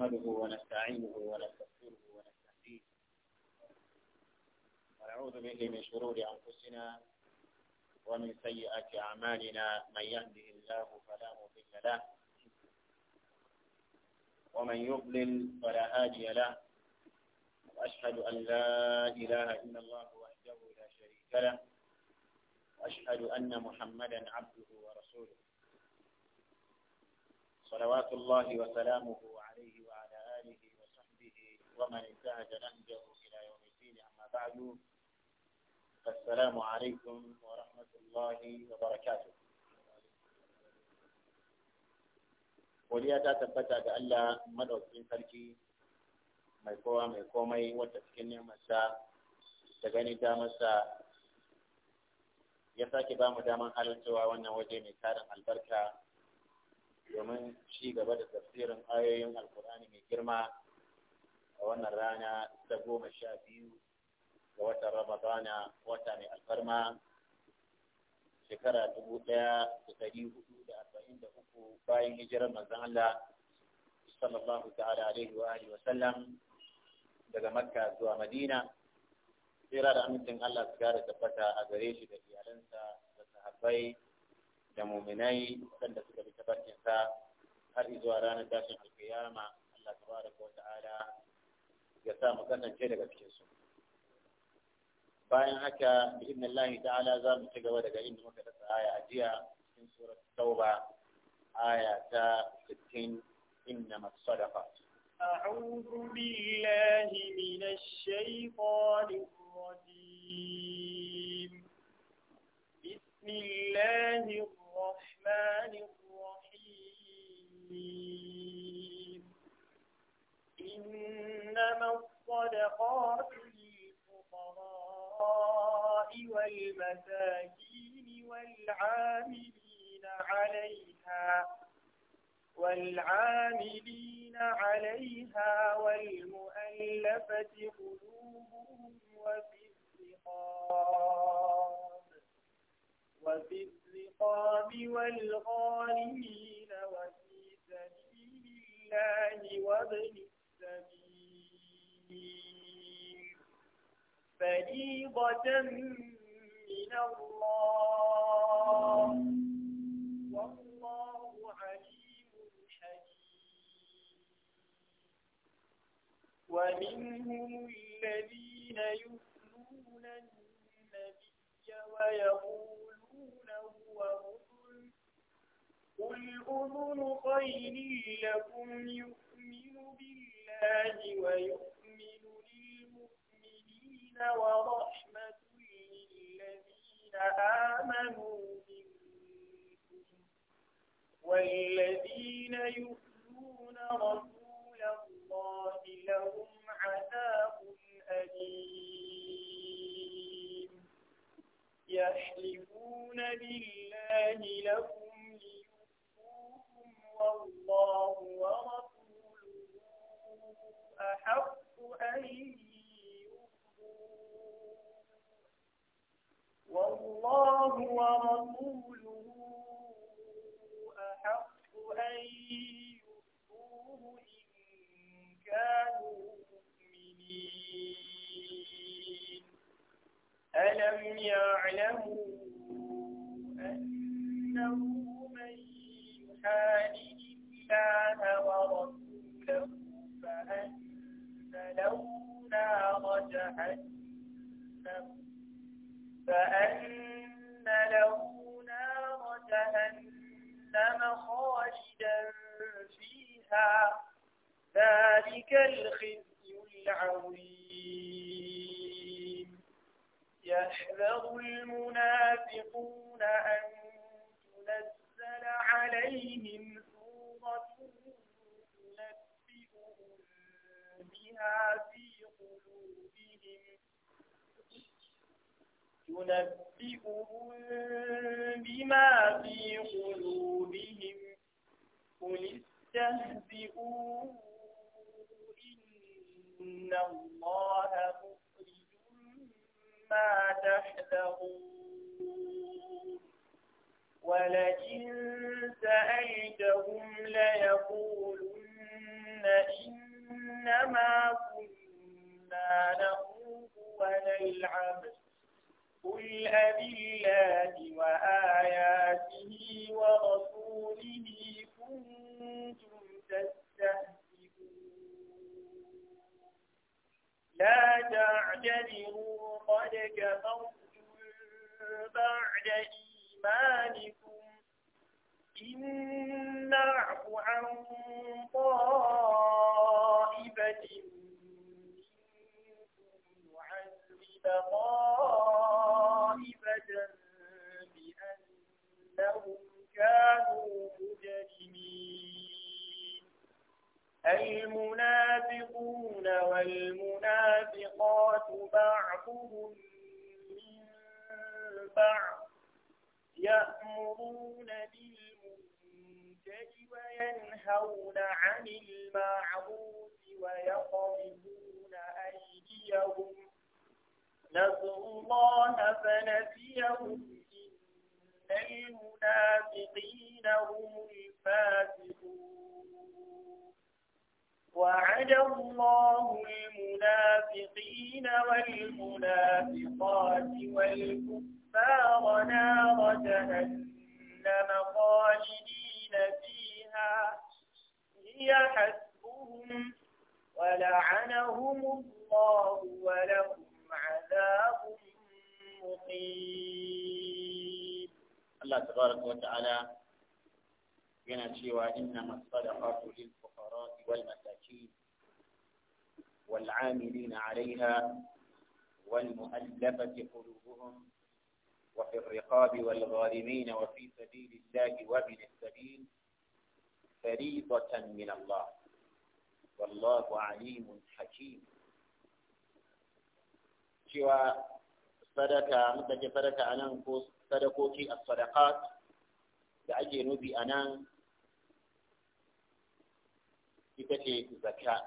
نحمده ونستعينه ونستغفره ونستهديه ونعوذ به من شرور أنفسنا ومن سيئات أعمالنا من يهده الله فلا مضل له ومن يضلل فلا هادي له وأشهد أن لا إله إلا الله وحده لا شريك له وأشهد أن محمدا عبده ورسوله صلوات الله وسلامه عليه ومن ابتهج نهجه إلى يوم الدين أما بعد السلام عليكم ورحمة الله وبركاته وليا تتبتع بألا مدعو سبين فالكي ميكوى ميكومي وتسكيني مسا تغني دامسا yasake ba mu daman halartawa wannan waje mai karin albarka domin ci gaba da tafsirin ayoyin alkurani mai a wannan rana ta goma sha biyu ga watan ramadana wata mai alfarma shekara dubu ɗaya da ɗari hudu da arba'in da uku bayan hijirar manzon Allah sallallahu ta'ala alaihi wa alihi wa sallam daga Makka zuwa Madina tsira da amincin Allah su gara tabbata a gare shi da iyalansa da sahabbai da muminai waɗanda suka bi tabbacin sa har zuwa ranar tashin alkiyama Allah tabaraka wa ta'ala ya sa mu kasance daga bayan haka bi Allah ta'ala za mu ci gaba daga inda muka dasa aya a jiya cikin surat tauba aya ta 60 innama sadaqat a'udhu billahi minash shaitanir rajim bismillahir rahmanir إنما الصدقات للفقراء والمساكين والعاملين عليها والعاملين عليها والمؤلفة قلوبهم وفي الرقاب وفي الرقاب والغارمين وفي سبيل الله وابن فريضة من الله والله عليم حكيم ومنهم الذين يؤذون النبي ويقولون هو أذن قل أذن خير لكم يؤمن بالله ويؤمن ورحمة للذين آمنوا منكم والذين يؤذون رسول الله لهم عذاب أليم يحلفون بالله لكم ليكفوكم والله ورسوله أحق أن والله ورسوله أحق أن يؤتوه إن كانوا مؤمنين ألم يعلموا أنه من يحارب الله ورسوله فأن له نار جهنم فأن له نار جهنم خالدا فيها ذلك الخزي العظيم يحذر المنافقون أن تنزل عليهم سورة تنبئهم بها في تنبئهم بما في قلوبهم قل استهزئوا إن الله مخرج ما تحذرون ولئن سألتهم ليقولن إنما كنا نخوض ونلعب قل أبالله وآياته ورسوله كنتم تستهزئون لا تعتذروا قد كفرتم بعد إيمانكم إن نعفو عن طائفة طائفة بأنهم كانوا مجرمين المنافقون والمنافقات بعضهم من بعض يأمرون بالمنكر وينهون عن المعروف ويقبضون أيديهم نسوا الله فنسيهم إن المنافقين هم الفاسقون وعد الله المنافقين والمنافقات والكفار نار جهنم خالدين فيها هي حسبهم ولعنهم الله ولهم عذاب مقيم الله تبارك وتعالى yana cewa innama sadaqatu lil fuqara wal masakin wal 'amilina 'alayha wal mu'allafati qulubuhum wa fi ar-riqab wal gharimin wa fi sabilillahi wa bil sabil fariidatan min Allah wallahu 'alimun hakim cewa sadaka muka ce sadaka a nan ko sadakoki a sadakat da ake nufi a nan ita ce zakka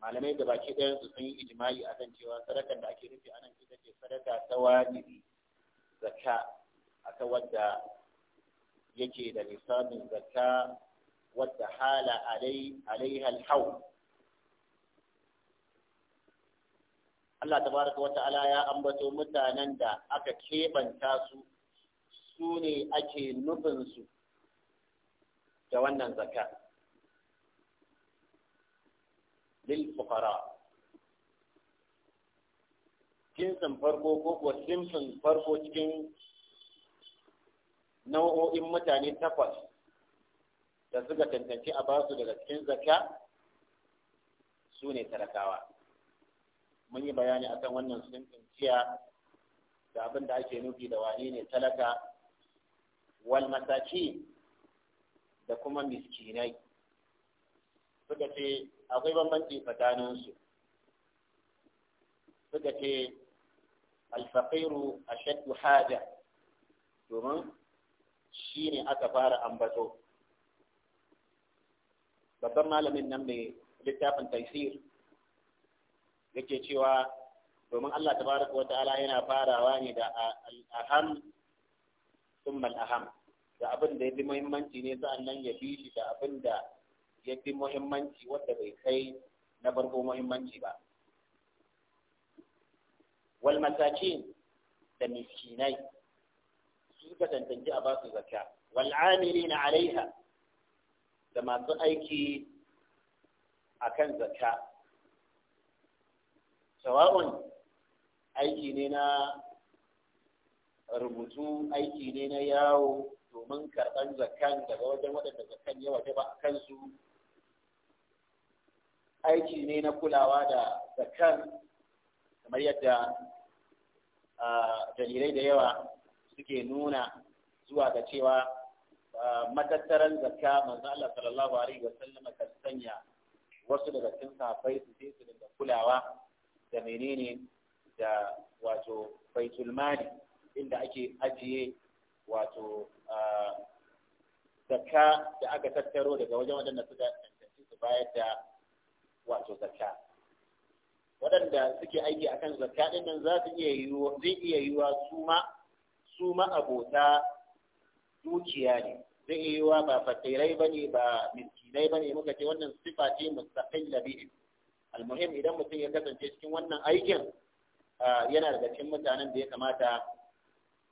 malamai da baki ɗayan su sun yi ijimai a kan cewa sadakar da ake nufi a nan ita ce sadaka ta wajibi zakka a ta wadda yake da nisabin zaka wadda hala alaiha hau. Allah tabaraka wa ta'ala ya ambato mutanen da aka kebanta su su ne ake nufin su da wannan zakka lil fuqara jinsin farko ko kuwa jinsin farko cikin nau'o'in mutane takwas da suka tantance a basu daga cikin zakka su ne talakawa mun yi bayani akan wannan sinfin da abin da ake nufi da wani ne talaka wal masaki da kuma miskinai suka ce akwai bambanci tsakaninsu suka ce alfaqiru ashaddu haja domin shi ne aka fara ambato babban malamin nan mai littafin taisir yake cewa domin Allah tabaraka wa ta'ala yana farawa ne da al-aham thumma al-aham da abin da ya fi muhimmanci ne sa'annan ya bi shi da abin da ya fi muhimmanci wanda bai kai na farko muhimmanci ba wal masakin da miskinai su ka tantance a basu zakka wal amilina alaiha da masu aiki akan zakka sawa'un aiki ne na rubutu aiki ne na yawo domin karɓar zakan daga wajen waɗanda zakan yawa ta ba kansu aiki ne na kulawa da zakan kamar yadda dalilai da yawa suke nuna zuwa ga cewa matattaran zakka manzo Allah sallallahu alaihi wasallam kan sanya wasu daga cikin sahabbai su je su daga kulawa da menene da wato baitul mali inda ake ajiye wato zakka da aka tattaro daga wajen waɗanda suka tantance su bayar da wato zakka waɗanda suke aiki akan zakka ɗin nan za su iya yiwuwa zai iya yiwuwa su ma su ma abota dukiya ne zai iya yiwuwa ba fatirai bane ba miskinai bane muka ce wannan sifa ce mustaqilla bihi almuhim idan mutum ya kasance cikin wannan aikin yana daga cikin mutanen da ya kamata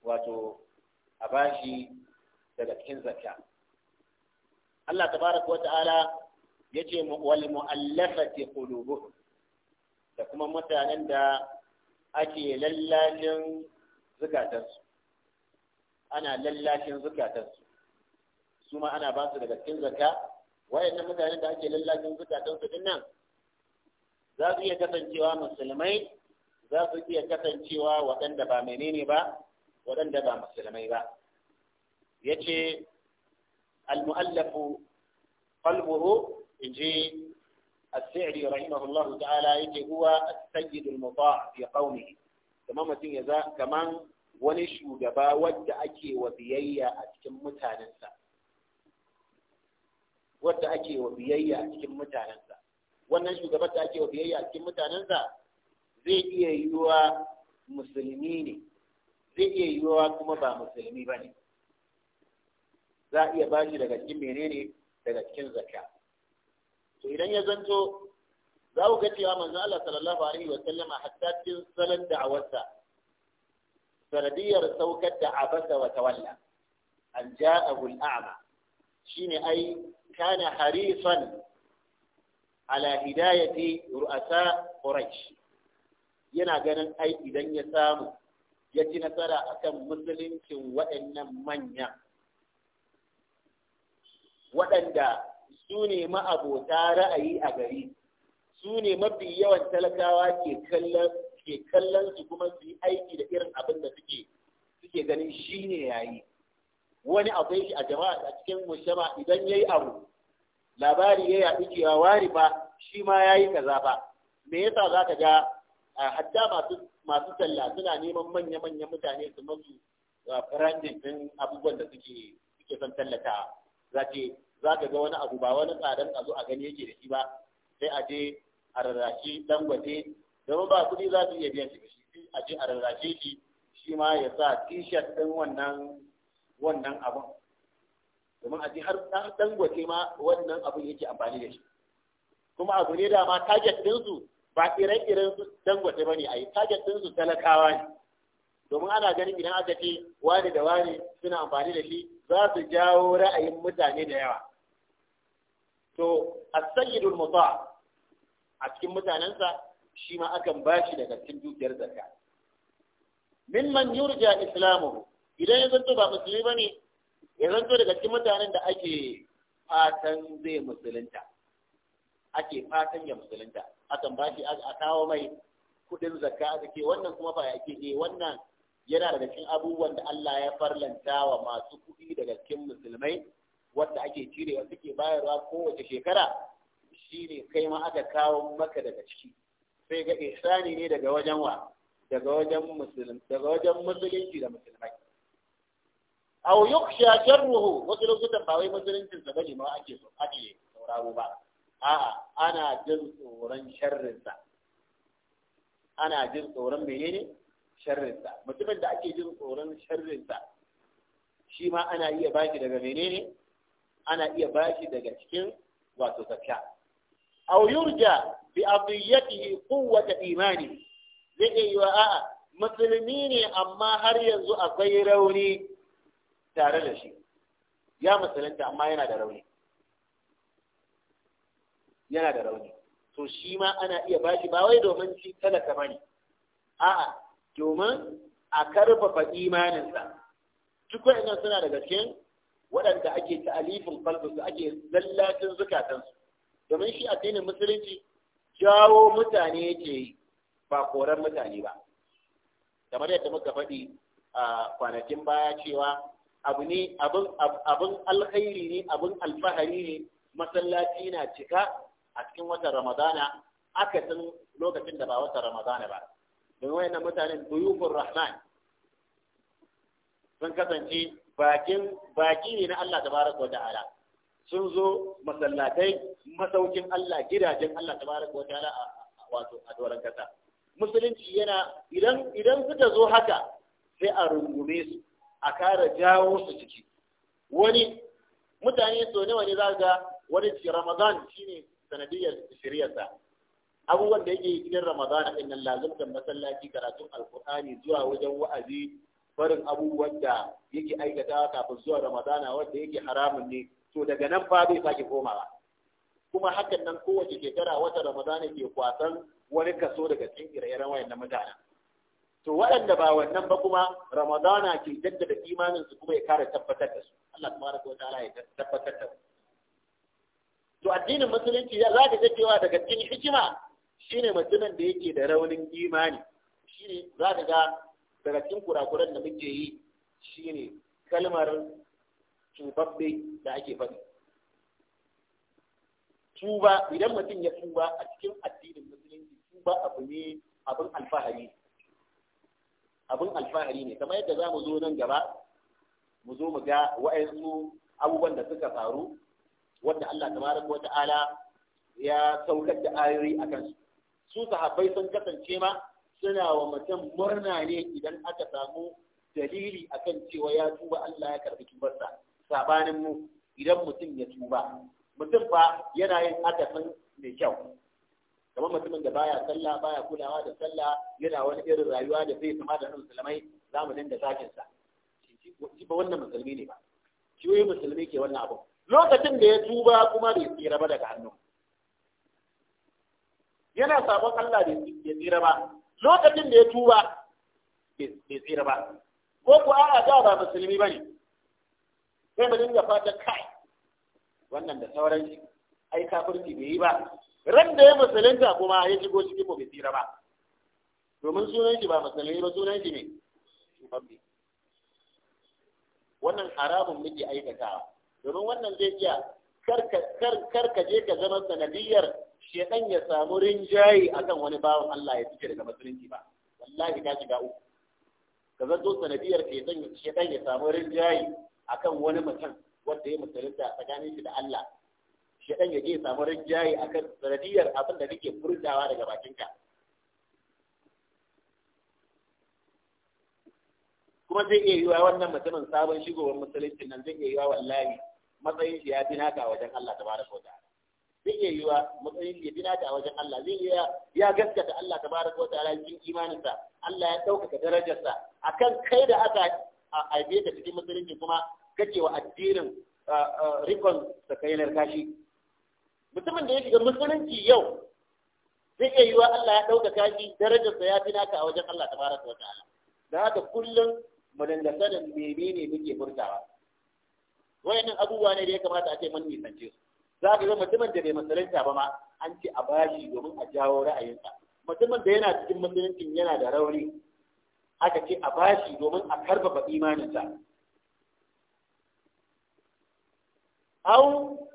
wato a bashi daga cikin zakka Allah tabaraka wata'ala yace wal mu'allafati qulubuh da kuma mutanen da ake lallashin zukatansu ana lallashin zukatansu su ma ana ba su daga cikin zakka wayannan mutanen da ake lallashin zukatansu din nan za su iya kasancewa musulmai za su iya kasancewa waɗanda ba menene ba waɗanda ba musulmai ba ya ce almu'allafu qalbuhu in ji السعدي ta'ala الله تعالى يجي هو السيد المطاع في قومه كما متين يزا كمان wani shugaba wadda ake wa biyayya a cikin mutanensa wadda ake wa biyayya a cikin mutanensa wannan shugaban da ake wa biyayya a cikin mutanensa zai iya yiwuwa musulmi ne zai iya yiwuwa kuma ba musulmi ba ne za a iya ba shi daga cikin menene daga cikin zakka to idan ya zanto za ku ga cewa manzo Allah sallallahu alaihi wa sallama hatta cikin salat da'awarsa sanadiyar saukar da abasa wa tawalla an ja'ahu al-a'ma shine ai kana harisan ala hidayati ru'asa quraish yana ganin ai idan ya samu ya ci nasara akan musuluncin waɗannan manya waɗanda su ne ma'abota ra'ayi a gari su ne mafi yawan talakawa ke kallon ke kallon su kuma su yi aiki da irin abin da suke suke ganin shi ne yayi wani akwai shi a jama'a a cikin mushama idan yayi abu labari ya yaɗu cewa wari ba shi ma ya yi kaza ba me yasa za ka ga hatta masu masu talla suna neman manya manya mutane su masu firanjin din abubuwan da suke suke son tallata za ce za ka ga wani abu ba wani tsadan a zo a gani yake da shi ba sai a je a rarrashe dangote domin ba kuɗi za su iya biyan shi shi a je a rarrashe shi shi ma ya sa t-shirt ɗin wannan wannan abun domin a ji har dangote ma wannan abin yake amfani da shi kuma abu ne da ma target ɗinsu ba ire-iren su dangote ba ne a yi din ɗinsu talakawa ne domin ana ganin idan aka ce wani da wani suna amfani da shi za su jawo ra'ayin mutane da yawa to as-sayyidul muta a cikin mutanensa shi ma akan bashi daga cikin dukiyar zakka man yurja islamu idan ya zanto ba musulmi bane ya zanto daga cikin mutanen da ake fatan zai musulunta ake fatan ya musulunta akan ba shi a kawo mai kudin zakka a ke wannan kuma ba yake ne eh, wannan yana daga cikin abubuwan da Allah ya farlanta wa masu kuɗi daga cikin musulmai wanda ake cire wanda suke bayarwa kowace shekara shine kai ma aka kawo maka daga ciki sai ga ihsani ne daga wajen wa daga wajen musulunci da musulmai aw yukhsha sharruhu wasu lokutan ba wai musuluncin sa bane ma ake so ake sauraro ba a'a ana jin tsoron sharrin sa ana jin tsoron menene sharrin sa mutumin da ake jin tsoron sharrin sa shi ma ana iya bashi daga menene ana iya bashi daga cikin wato zakka aw yurja bi adiyatihi quwwata imani zai iya a'a musulmi ne amma har yanzu akwai rauni tare da shi ya musulunta amma yana da rauni yana da rauni to shi ma ana iya bashi ba wai domin shi talaka bane a'a domin a karfafa imaninsa duk wa'annan suna daga cikin waɗanda ake ta'alifin su ake lallatin zukatansu domin shi addinin musulunci jawo mutane yake yi ba koran mutane ba kamar yadda muka faɗi a kwanakin baya cewa abu ne abin alkhairi ne abin alfahari ne masallaci na cika a cikin watan ramadana aka san lokacin da ba watan ramadana ba Domin wayan mutanen duyufin rahman sun kasance bakin baki ne na Allah tabaraka wata'ala sun zo masallatai masaukin Allah gidajen Allah tabaraka wata'ala a wato a doron kasa musulunci yana idan idan suka zo haka sai a rungume su a kara jawo su ciki wani mutane so nawa ne za ga wani ci ramadan shine sanadiyar shiryarsa abubuwan da yake cikin ramadan din inna lazumtar masallaci karatun alkur'ani zuwa wajen wa'azi barin abubuwan da yake aikatawa kafin zuwa ramadana wanda yake haramun ne to daga nan fa bai sake komawa kuma hakan nan kowace shekara wata ramadana ke kwasan wani kaso daga cikin ire-iren wayannan mutanen to waɗanda ba wannan ba kuma ramadana ke jaddada imanin su kuma ya kare tabbatar da su Allah kuma rabu wata ya tabbatar da su to addinin musulunci ya za ka ga cewa daga cikin hikima shine mutumin da yake da raunin imani shine za ka ga daga cikin kurakuran da muke yi shine kalmar tubabbe da ake faɗi tuba idan mutum ya tuba a cikin addinin musulunci tuba abu ne abin alfahari abin alfahari ne kamar yadda za mu zo nan gaba mu zo mu ga wa'ansu abubuwan da suka faru wanda Allah ko Ta'ala ya saukar da ayoyi a kansu su sahabbai sun kasance ma suna wa mutum murna ne idan aka samu dalili akan cewa ya tuba Allah ya karbi tubarsa sabanin mu idan mutum ya tuba mutum fa yana yin akasin mai kyau kamar mutumin da baya sallah baya kulawa da sallah yana wani irin rayuwa da zai kama da nan musulmai za mu dinga zakin sa shi ba wannan musulmi ne ba shi wai musulmi ke wannan abu lokacin da ya tuba kuma bai tsira ba daga hannu yana sabon Allah bai tsira ba lokacin da ya tuba bai tsira ba ko ku a da ba musulmi bane sai mu dinga fata kai wannan da sauran shi ai kafirci bai yi ba ran da ya musulunta kuma ya shigo cikin mu bai tsira ba domin sunan shi ba musulmi ba sunan shi ne wannan haramun miki aikatawa domin wannan zai iya karka je ka zama sanadiyar shedan ya samu rinjaye akan wani bawan Allah ya fice daga musulunci ba wallahi ka shiga uku ka zanto sanadiyar shedan ya samu rinjaye akan wani mutum wanda ya musulunta tsakanin shi da Allah shaɗan ya je samu rajayi a kan sanadiyar abin da nake furtawa daga bakinka kuma zai iya yiwa wannan mutumin sabon shigowar musulunci nan zai iya yiwa wallahi matsayin shi ya fi naka wajen Allah ta bada kota. zai iya yiwa matsayin shi ya fi naka wajen Allah zai iya ya gaskata Allah bada kota a cikin imaninsa Allah ya ɗaukaka darajarsa A kan kai da aka haife aibe ta cikin musulunci kuma kake wa addinin ah, ah, rikon sakainar kashi mutumin da ya shiga musulunci yau zai iya yiwa Allah ya ɗaukaka shi darajarsa ya fi naka a wajen Allah tabaraka wa ta'ala da haka kullum mu dinga sanin menene muke furtawa wayannan abubuwa ne da ya kamata a ce mun nisance su za ka ga mutumin da bai musulunta ba ma an ce a bashi domin a jawo ra'ayinsa mutumin da yana cikin musuluncin yana da rauni aka ce a bashi domin a karfafa imaninsa au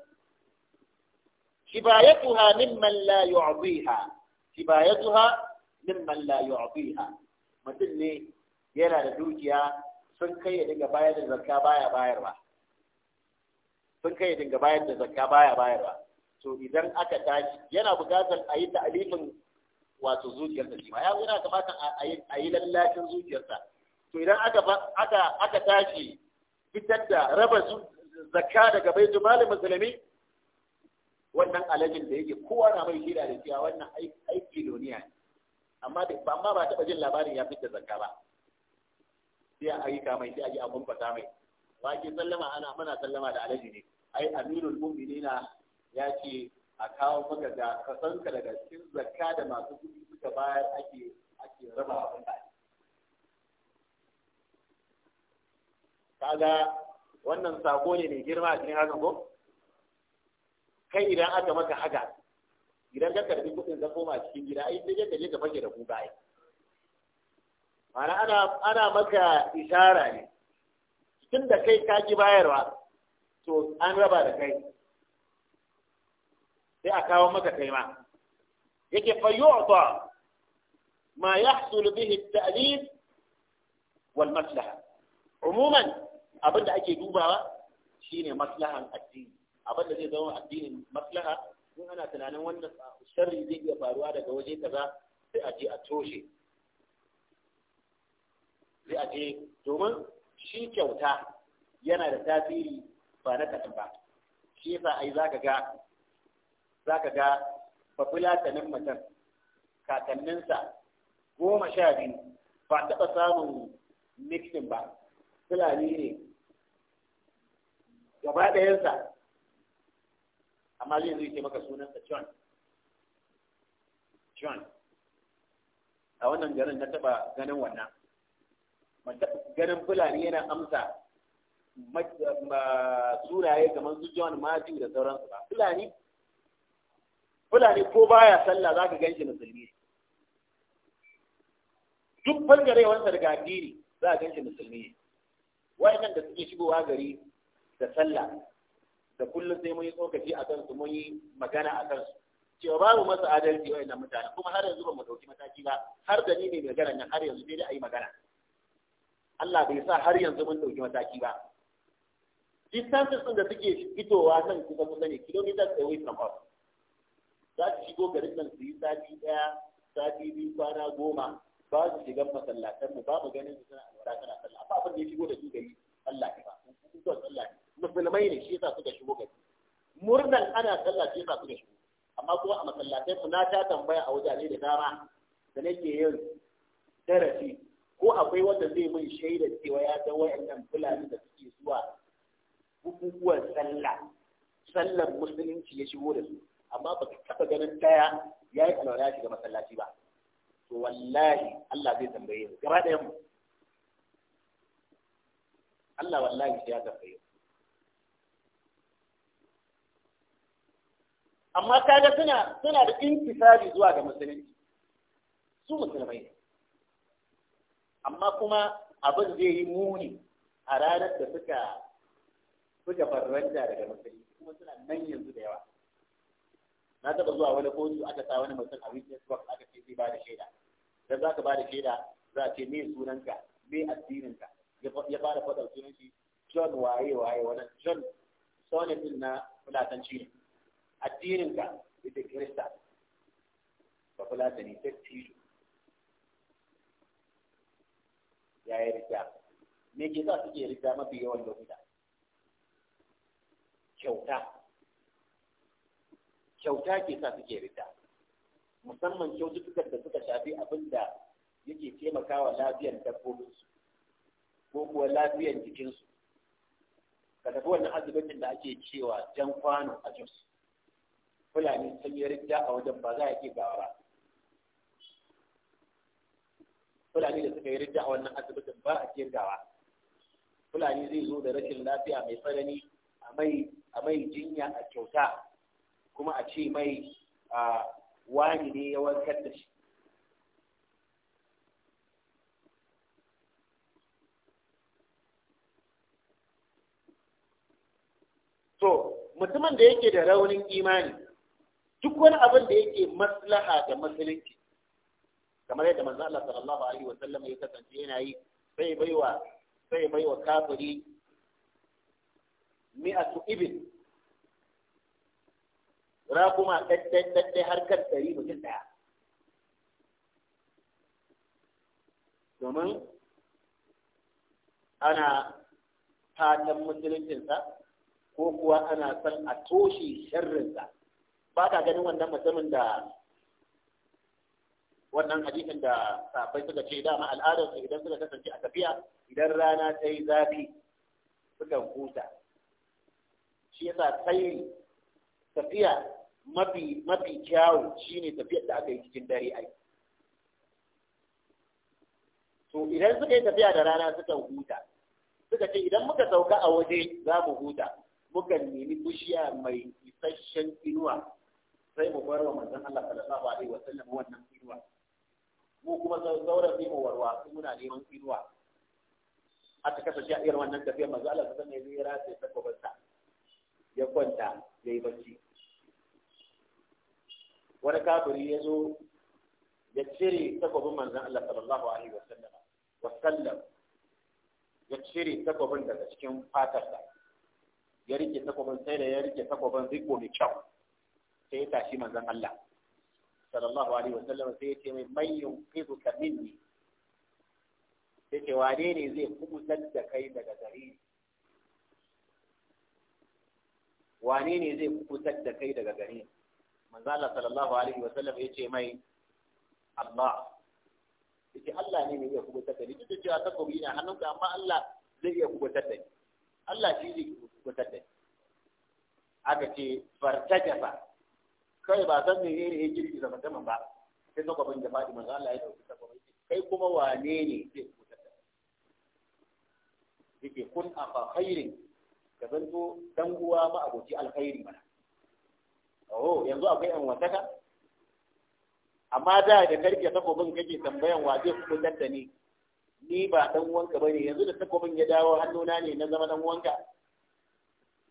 كفايتها ممن لا يعطيها كفايتها mimman la yu'tiha mutum ne yana da dukiya sun kai ya dinga bayar da zakka baya bayarwa sun kai ya dinga bayar da zakka baya bayarwa to idan aka tashi yana buƙatar a yi ta'alifin wato zuciyarsa shi ma ya yana kamata a yi lallacin zuciyarsa to idan aka aka aka tashi fitar da raba zakka daga baitul mal musulmi wannan alajin da yake kowa na mai shida da cewa wannan aiki duniya ne amma da ba taɓa jin labarin ya da zakka ba sai a mai sai a ji mai ba ke sallama ana muna sallama da alaji ne ai aminul mu'minina ya ce a kawo maka da kasanka daga cikin zakka da masu kuɗi suka bayar ake ake raba wa mutane kaga wannan sako ne mai girma a cikin hakan ko kai idan aka maka haka idan ka karbi kuɗin ka koma cikin gida ai sai ka je ka fage da kuka ai ana ana maka isara ne tun da kai ka ki bayarwa to an raba da kai sai a kawo maka kai ma yake fa yu'ta ma yahsul bihi at-ta'lif wal maslaha umuman abinda ake dubawa shine maslahan addini abin da zai zama addinin maslaha in ana tunanin wannan sharri zai iya faruwa daga waje kaza sai a je a toshe sai a je domin shi kyauta yana da tasiri ba na kaɗan ba shi yasa ai zaka ga zaka ga bafulatanin mutum kakanninsa goma sha biyu ba taɓa samun mixin ba fulani ne gaba ɗayansa amma zai zai ce maka sunansa john john a wannan garin na taba ganin wannan ganin fulani yana amsa suraye kamar su john matthew da sauransu ba fulani fulani ko baya sallah za ka ganshi musulmi duk bangarewansa daga addini za a ganshi musulmi wa'annan da suke shigowa gari da sallah da kullum sai mun yi tsokaci a kansu mun yi magana a kansu cewa babu masa adalci wa idan mutane kuma har yanzu ba mu dauki mataki ba har da ni ne mai magana har yanzu sai dai a yi magana Allah bai sa har yanzu mun dauki mataki ba distances din da suke fitowa nan kusa kusa ne kilometers away from us za su shigo garin nan su yi sati daya sati biyu kwana goma ba su shiga masallatan mu ba mu ganin su suna alwara suna sallah ba abin da ya shigo da su gari Allah ne ba sun kusa sallah ne musulmai ne shi yasa suka shigo gari murnan ana sallah shi yasa suka shigo amma kuma a masallatai mu na ta tambaya a wajen da dama da nake yin darasi ko akwai wanda zai min shaidar cewa ya ga wayannan fulani da suke zuwa bukukuwan sallah sallar musulunci ya shigo da su amma ba ka taɓa ganin daya ya yi alwala shiga masallaci ba to wallahi Allah zai tambaye mu gaba ɗayan mu Allah wallahi shi ya tambaye mu amma kaga suna suna da intisari zuwa ga musulunci su musulmai amma kuma abin zai yi muni a ranar da suka suka farranta daga musulunci kuma suna nan yanzu da yawa na taba zuwa wani kotu aka sa wani mutum a witness box aka ce zai ba da shaida dan za ka ba shaida za a ce me sunanka me addininka ya fara faɗar sunan shi John waye waye wannan John sonin din na fulatanci ne addinin ka ita kirista ba kula da ni ta tilo ya yi rita me ke sa suke rita mafi yawan lokuta kyauta kyauta ke sa suke rita musamman kyaututtukan da suka shafi abin da yake taimakawa lafiyar dabbobinsu ko kuwa lafiyar jikinsu ka tafi wannan asibitin da ake cewa jan kwano a jinsu fulani sun yi ridda a wajen ba za a ke gawa fulani da suka yi ridda a wannan asibitin ba a ke gawa fulani zai zo da rashin lafiya mai tsanani a mai jinya a kyauta kuma a ce mai a wani ne ya warkar da shi So mutumin da yake da raunin imani duk wani abin da yake maslaha da musulunci kamar yadda manzo Allah sallallahu alaihi wa sallam ya kasance yana yi sai baiwa sai baiwa kafiri mi'atu ibn raquma daddai daddai har kan 100 mutum daya domin ana fatan musuluncinsa ko kuwa ana son a toshe sharrinsa ba ka ganin wannan mutumin da wannan hadisin da sahabbai suka ce dama al'adar su idan suka kasance a tafiya idan rana ta yi zafi sukan huta shi yasa sai tafiya mafi mafi kyawu shine tafiyar da aka yi cikin dare ai to idan suka yi tafiya da rana sukan huta suka ce idan muka sauka a waje za mu huta mukan nemi bishiya mai isasshen inuwa sai mu bar wa manzon Allah sallallahu alaihi wa sallam wannan tsiruwa mu kuma zaura fi mu warwa sai muna neman tsiruwa ta kasance a irin wannan tafiyar manzon Allah sallallahu alaihi wa sallam ya rasa takobarsa ya kwanta ya yi bacci wani kafiri ya zo ya cire takobin manzon Allah sallallahu alaihi wa sallam wa sallam ya cire takobin daga cikin fatarsa ya rike takobin sai da ya rike takobin riko mai kyau sai ya tashi manzon Allah sallallahu alaihi wasallam sai ya ce mai man yunqizuka minni sai ce wane ne zai kubutar da kai daga gare ni wane ne zai kubutar da kai daga gare ni manzo Allah sallallahu alaihi wasallam ya ce mai Allah yace Allah ne mai iya kubutar da ni duk da cewa takobi ina hannunka amma Allah zai iya kubutar da ni Allah shi zai kubutar da ni aka ce fartajafa kai ba san me ne yake girki da mutum ba sai takwabin da faɗi manzo Allah ya dauki takwabin kai kuma wane ne zai kutar da yake kun afa khairin ka zanto dan uwa ma aboki alkhairi mana oh yanzu akwai yan wataka amma da da karke takobin kake tambayan wa zai kutar da ni ni ba dan uwanka bane yanzu da takobin ya dawo hannuna ne na zama dan uwanka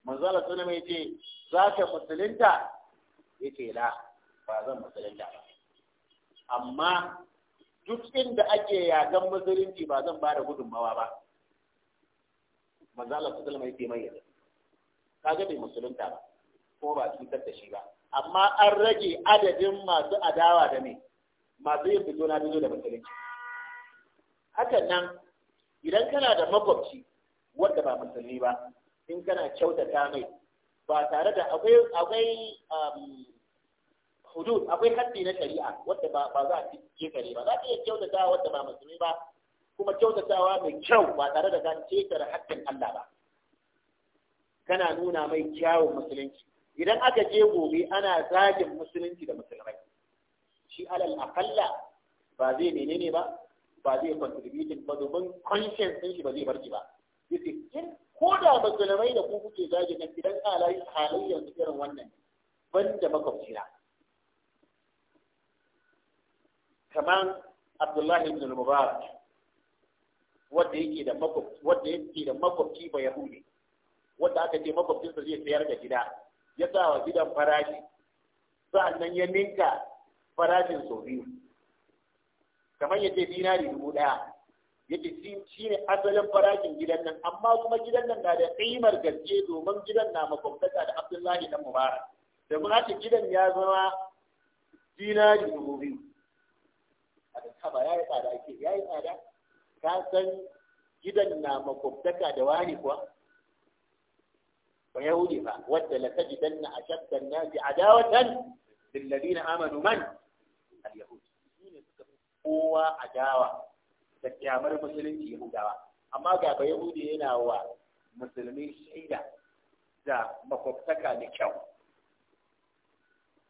manzo Allah sunan mai ce zaka musulunta ya ce la ba zan musulunta ba amma duk inda ake yagan musulunci ba zan ba da gudunmawa ba manzo Allah sallallahu alaihi yanzu, ka ga bai musulunta ba ko ba cutar da shi ba amma an rage adadin masu adawa da ne masu yin fito na fito da musulunci hakan nan idan kana da makwabci wanda ba musulmi ba in kana kyautata mai ba tare da akwai akwai um, hudud akwai haddi na shari'a wanda ba ba za a ce kare ba za ka iya ta wanda ba musulmi ba kuma kyautatawa mai kyau ba tare da ka cetare haƙƙin Allah ba kana nuna mai kyawun musulunci idan aka je gobe ana zagin musulunci da musulmai shi alal aqalla ba zai menene ba ba zai contributing ba domin conscience din shi ba zai barci ba this is ko da musulmai da ku kuke zagi nan gidan halayen halayya su irin wannan ban da makwabcina kamar abdullahi ibn mubarak wanda yake da makwabci wanda yake da makwabci ba yahudi wanda aka ce makwabcinsa zai sayar da gida ya sa wa gidan farashi sa'annan ya ninka farashin sau biyu kamar ya ce dinari dubu ɗaya yake shi ne asalin farashin gidan nan amma kuma gidan nan na da ƙimar gaske domin gidan na makwabtaka da abdullahi dan mubarak da kuma ce gidan ya zama dinari dubu biyu a da kaba ya yi tsada ake ya yi tsada ka san gidan na makwabtaka da wani kuwa ba wuce ba wadda la tajidanna ashaddan nasi adawatan lil ladina amanu man al yahud shine suka kowa adawa da kyamar musulunci yahudawa amma ga ba yahudi yana wa musulmi shaida da makwabtaka da kyau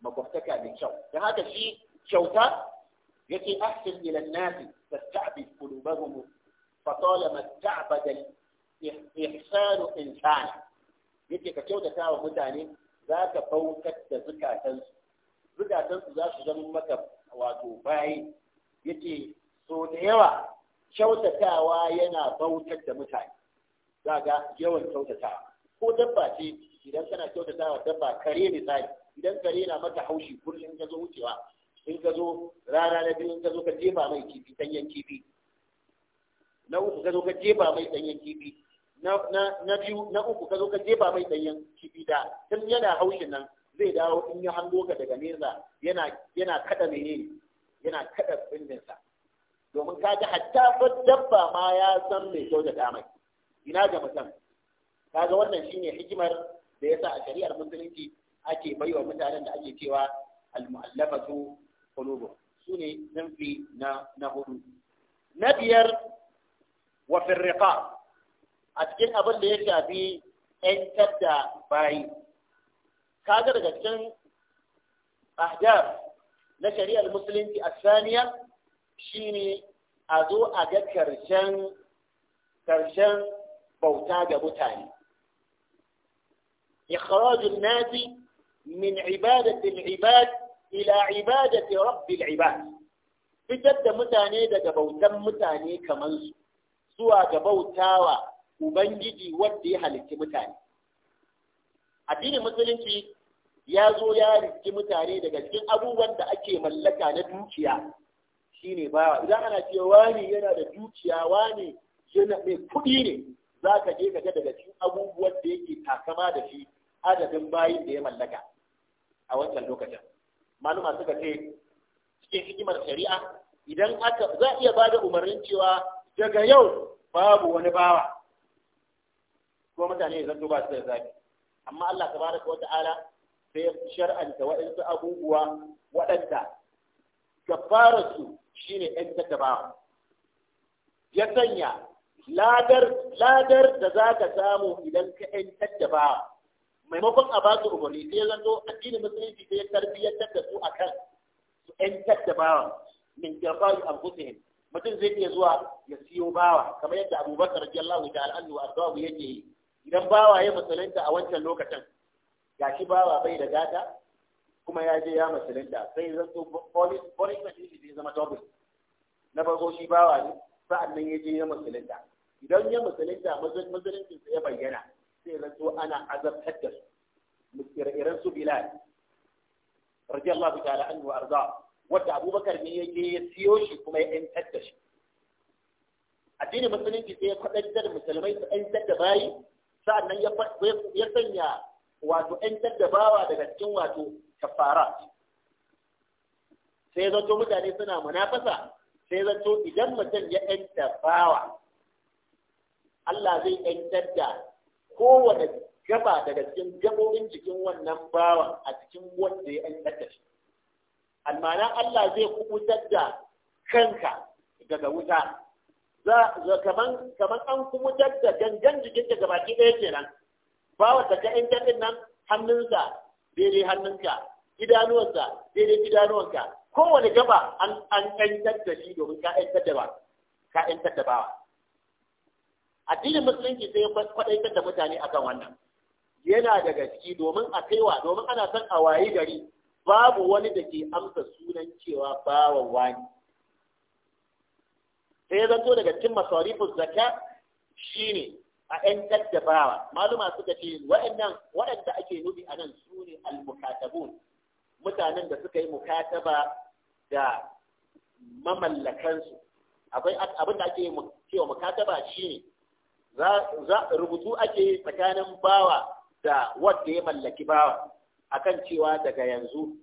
makwabtaka da kyau da haka shi kyauta yake ahsin ila nasi tasta'bi qulubahum fa talama ta'bada al-ihsanu Ya yake ka kyautata wa mutane za ka bautar da zukatansu zukatansu za su zama maka wato bayi yake so da yawa kyautatawa yana bautar da mutane za ga yawan kyautatawa ko dabba ce idan kana kyautatawa dabba kare misali idan kare na mata haushi kullum ka zo wucewa in ka zo rana na biyu in ka zo ka jefa mai kifi danyen kifi na uku ka zo ka jefa mai danyen kifi na biyu na uku ka zo ka jefa mai danyen kifi da tun yana haushin nan zai dawo in ya hango ka daga nesa yana yana kada menene yana kada bindinsa domin kaga hatta fa dabba ma ya san mai kyautata damai, ina ga mutum kaga wannan shine hikimar da yasa a shari'ar musulunci ake baiwa mutanen da ake cewa al-mu'allafatu Su ne zanfi na na hudu na biyar wa firriqa a cikin abin da ya shafi ‘yantar da bayi. Kaga daga cikin ahdaf na shari'ar musulunci a saniya shine a zo a ga karshen karshen bauta ga mutane ikhrajun Nazi min ibadati al-ibad ila ibadati rabbil ibad fitar da mutane daga bautan mutane kamar su zuwa ga bautawa ubangiji wanda ya halitti mutane addinin musulunci ya zo ya riski mutane daga cikin abubuwan da ake mallaka na dukiya shine bawa idan ana cewa wani yana da dukiya wani yana mai kuɗi ne za ka je ka daga cikin abubuwan da yake takama da shi adadin bayin da ya mallaka a wancan lokacin maluma suka ce cikin hikimar shari'a idan aka za iya ba da umarnin cewa daga yau babu wani bawa ko mutane zan ba su da zafi amma Allah tabaraka wa ta'ala sai shar'anta waɗansu abubuwa waɗanda gafararsu shine ‘yantar da bawa ya sanya ladar da za ka samu idan ka ɗan da maimakon a ba su umarni sai zan zo addinin musulunci sai tarbiyyantar da su kan su ɗan da bawa min jafari anfusihim mutum zai iya zuwa ya siyo bawa kamar yadda abubakar da Al'adu a zuwa yake yi idan bawa ya musulunta a wancan lokacin gashi bawa bai da gata kuma ya je ya musulunta sai zanto foreign country zai zama topic na farko shi bawa ne sa'an nan ya je ya musulunta idan ya musulunta musuluncin ya bayyana sai zanto ana azabtar da su ire-iren su bilal radiyallahu ta'ala anhu arda wanda abubakar ne ya je ya siyo shi kuma ya yantar da shi addinin musulunci sai ya kwadantar musulmai su yantar da bayi sa'an nan ya sanya wato yantar da bawa daga cikin wato kafarat sai zato mutane suna munafasa sai zato idan mutum ya yanta bawa Allah zai yantar da kowane gaba daga cikin gabobin jikin wannan bawan a cikin wanda ya yantar da shi almana Allah zai kubutar da kanka daga wuta za kaman kaman an kubutar da gangan jikin jikinka gabaki ɗaya kenan bawa ta ka yantar din nan hannunsa daidai hannunka idanuwansa daidai idanuwanka kowane gaba an an ƴantar da shi domin ka ƴantar da ba ka ƴantar da addinin musulunci sai kwaɗaitar da mutane akan wannan yana daga ciki domin a kaiwa domin ana son a wayi gari babu wani da ke amsa sunan cewa bawan wani sai ya zanto daga cikin masarifin zaka shine a ‘yan daddabawa maluma suka ce waɗannan waɗanda ake nufi a nan su ne al-mukatabun mutanen da suka yi mukataba da mamallakansu akwai abin da ake cewa mukataba shi ne rubutu ake tsakanin bawa da wadda ya mallaki bawa a kan cewa daga yanzu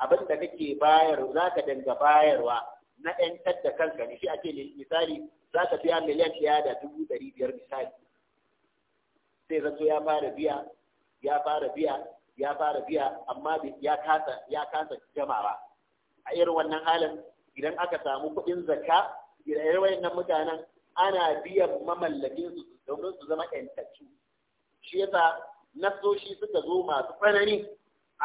abin da kake bayar za ka danga bayarwa na ‘yan da kanka ne shi ake misali za ka biya miliyan ɗaya da dubu ɗari biyar misali sai zato ya fara biya ya fara biya ya fara biya amma ya kasa ya kasa jama'a a irin wannan halin idan aka samu kuɗin zakka irin wayannan mutanen ana biyan mamallakin su domin su zama ƴantattu shi yasa nasoshi suka zo masu tsanani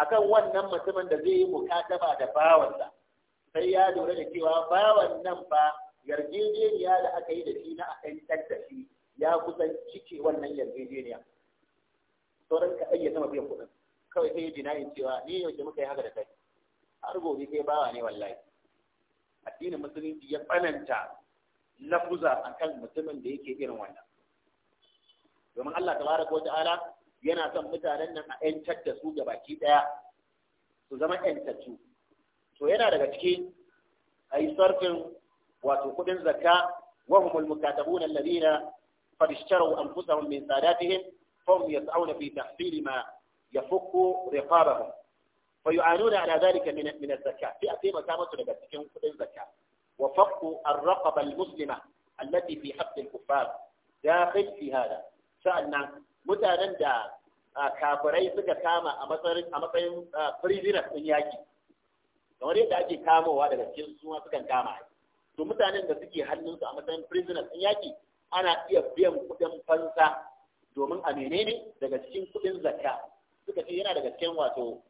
akan wannan mutumin da zai yi mukataba da bawansa sai ya lura da cewa bawan nan ba yarjejeniya da aka yi da shi na ƴantattu ya kusan cike wannan yarjejeniya sauran ka ya sama biyan kuɗin kawai sai ya yin cewa ni yau da muka yi haka da kai har gobe kai bawa ne wallahi addinin musulunci ya tsananta lafuza kan mutumin da yake irin wannan domin Allah tabaraka wa ta'ala yana son mutanen nan a yancar da su baki ɗaya, su zama yantattu to yana daga ciki a yi sarfin wato kudin zakka wahum almukatabuna alladhina قد اشتروا أنفسهم من ساداتهم فهم يسعون في تحصيل ما يفك رقابهم فيعانون على ذلك من من الزكاة في أثير كانت لبتكم في الزكاة وفك الرقبة المسلمة التي في حق الكفار داخل في هذا سألنا متى نندى kafirai suka kama a matsayin a matsayin prisoners din yaki kamar yadda ake kamowa daga cikin su sukan kama to mutanen da suke hannunsu a matsayin yaki ana iya biyan kuɗin fansa domin a menene daga cikin kuɗin zakka suka ce yana daga cikin wato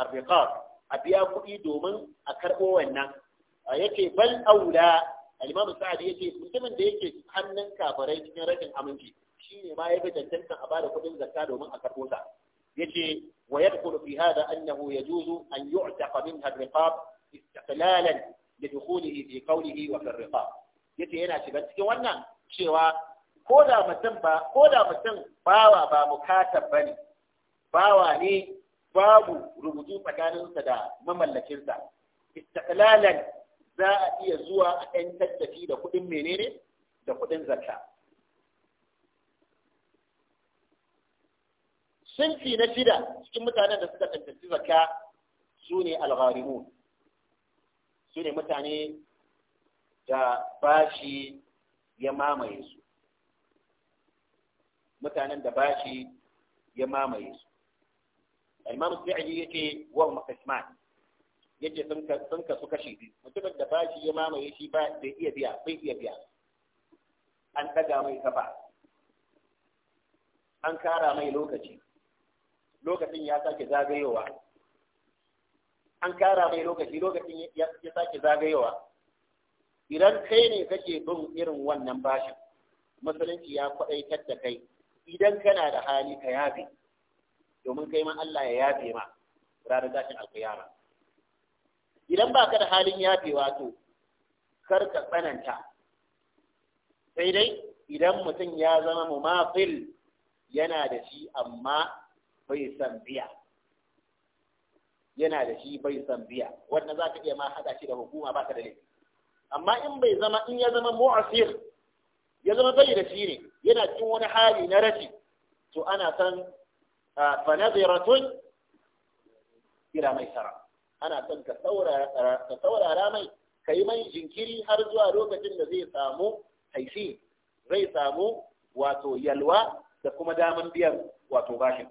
arriqar a biya kuɗi domin a karɓo wannan yake bal aula al-imam ya ce mutumin da yake hannun kafarai cikin rashin aminci shine ma yafi tantance a bada kuɗin zakka domin a karɓo sa yace wa yadkhulu fi hada annahu juzu an yu'taqa minha ar-riqab da li fi qawlihi wa fi yace yana shiga cikin wannan cewa ko da mutum ba ko da mutum bawa ba mukatab bane bawa ne babu rubutu tsakaninsa da mamallakinsa istiqlalan za a iya zuwa a ɗan tattafi da kuɗin menene da kuɗin zakka sinfi na shida cikin mutanen da suka tantance zakka su ne algharimun su ne mutane da bashi ya mamaye su mutanen da bashi ya mamaye su al-imam sa'idi yake wa muqasman yake sun ka sun ka su kashi biyu mutumin da bashi ya mamaye shi ba bai iya biya bai iya biya an daga mai kafa an kara mai lokaci lokacin ya sake zagayowa an kara mai lokaci lokacin ya sake zagayowa idan kai ne kake bin irin wannan bashin musulunci ya kwaɗaitar da kai idan kana da hali ka yafe domin kai ma Allah ya yafe ma ranar tashin alkiyama idan baka da halin yafe to kar ka tsananta sai dai idan mutum ya zama mumafil yana da shi amma bai san biya yana da shi bai san biya Wannan za ka iya ma haɗa shi da hukuma ba ka da laifi amma in bai zama in ya zama mu'asir ya zama bai da shi ne yana cikin wani hali na rashi to ana san fa naziratun ila mai sara ana san ka saurara ka yi mai jinkiri har zuwa lokacin da zai samu haifi zai samu wato yalwa da kuma daman biyan wato bashin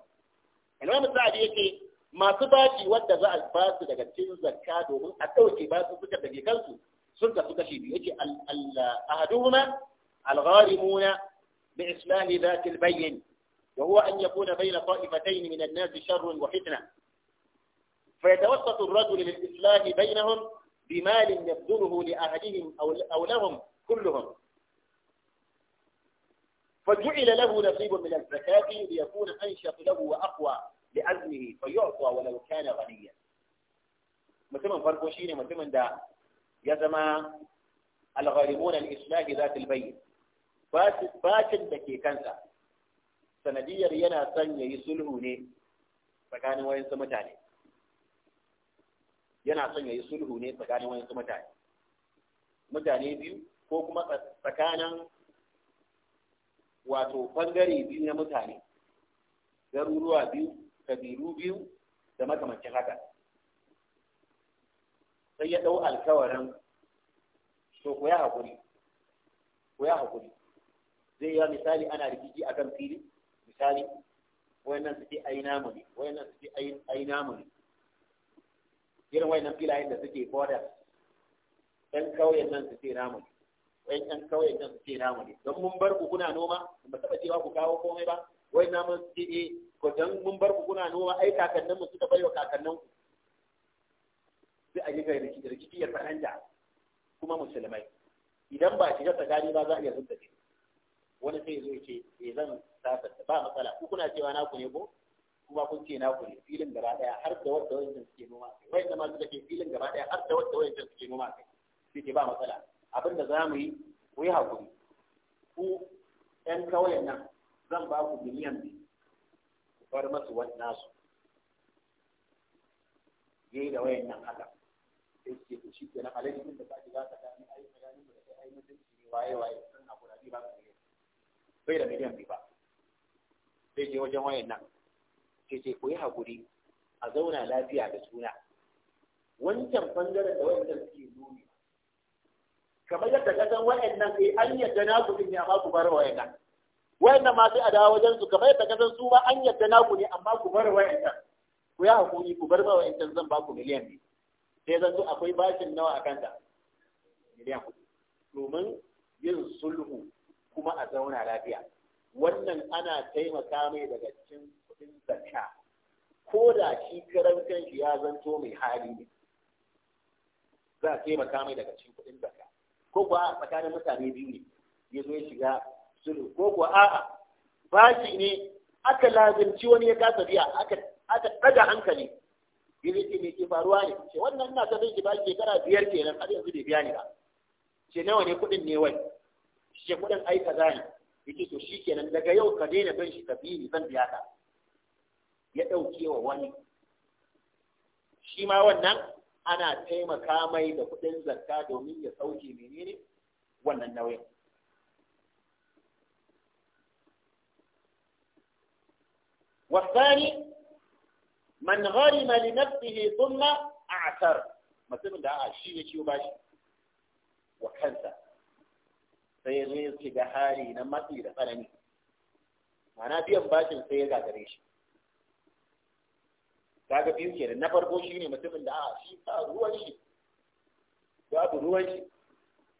imam sa'adi yake masu bashi wadda za a ba su daga cikin zakka domin a ɗauke basu su suka dage kansu سلطة تشيب يجي أهدوهما الغارمون بإسلام ذات البين وهو أن يكون بين طائفتين من الناس شر وفتنة فيتوسط الرجل للإسلام بينهم بمال يبذله لأهدهم أو لهم كلهم فجعل له نصيب من الزكاة ليكون أنشط له وأقوى لأذنه فيعطى ولو كان غنيا مثلا فرقوشيني مثلا ده ya zama al-gharibun al-islahi zat al-bayt bacin da ke kansa sanadiyar yana son yayi sulhu ne tsakanin su mutane yana son yayi sulhu ne tsakanin su mutane mutane biyu ko kuma tsakanin wato bangare biyu na mutane garuruwa biyu Kabiru biyu da makamancin haka sai ya ɗau alkawarin to ku ya haƙuri ku ya haƙuri zai yi misali ana rikici akan fili misali wayannan suke ce ai ne wayannan suke ce ai namu ne irin wayannan filayen da suke border ɗan kauyen nan su ce namu wayan ɗan kauyen nan su ce namu don mun bar ku kuna noma ba taɓa cewa ku kawo komai ba wai namu ce eh ko don mun bar ku kuna noma ai kakannin mu suka bayo wa kakannin ku sai a yi rikici ya tsananta kuma musulmai idan ba shiga tsakani ba za a iya zubda ne wani sai zo ce e zan sasanta ba matsala ku kuna cewa naku ne ko kuma kun ce naku ne filin gaba daya har da wadda wayancin suke noma kai wai da ma suka ce filin gaba daya har da wadda wayancin suke noma kai sai ce ba matsala abin da za mu yi ku yi hakuri ku ƴan ƙauyen nan zan ba ku miliyan biyu ku far masu wani nasu yayi da wayan nan haka sai su ce to shi kenan alaji da ka ji za ka gani ai maganin da kai ai mutunci ne waye waye sun hakura bi ba su miliyan bai da miliyan bi ba sai je wajen wayan nan sai ce ku yi hakuri a zauna lafiya da suna. wancan bangaren da wayan suke nuni kamar yadda ka san wayan nan sai eh, an yadda na ku ne amma ku bar wayan nan wayan nan ma sai a dawo wajen su kamar yadda ka san su ma an yadda na ku ne amma ku bar wayan nan ku yi haƙuri ku bar wayan nan zan ba ku miliyan biyu sai zan zo akwai bashin nawa a kanta miliyan hudu domin yin sulhu kuma a zauna lafiya wannan ana taimaka mai daga cikin kudin zakka ko da shi karan kanshi ya zanto mai hali ne za a taimaka mai daga cikin kudin zakka ko kuwa a tsakanin mutane biyu ne ya zo ya shiga sulhu ko kuwa a'a bashi ne aka lazimci wani ya kasa biya aka ɗaga hankali yace me ke faruwa ne ce wannan ina ta bin shi ba shekara biyar kenan har yanzu bai biya ni ba ce nawa ne kuɗin ne wai ce kuɗin ai kaza ne yace to shikenan daga yau ka daina bin shi ka bi ni zan biya ka ya ɗauke wa wani shi ma wannan ana taimaka mai da kuɗin zakka domin ya sauke menene wannan nauyin wasani man gharima li nafsihi thumma a'tar mutumin da a shi ya ciwo bashi wa kansa sai ya zo ya da hari na matsi da tsanani ma'ana biyan bashin sai ya gagare shi kaga biyu kenan na farko shine mutumin da a shi ta ruwan shi babu ruwan shi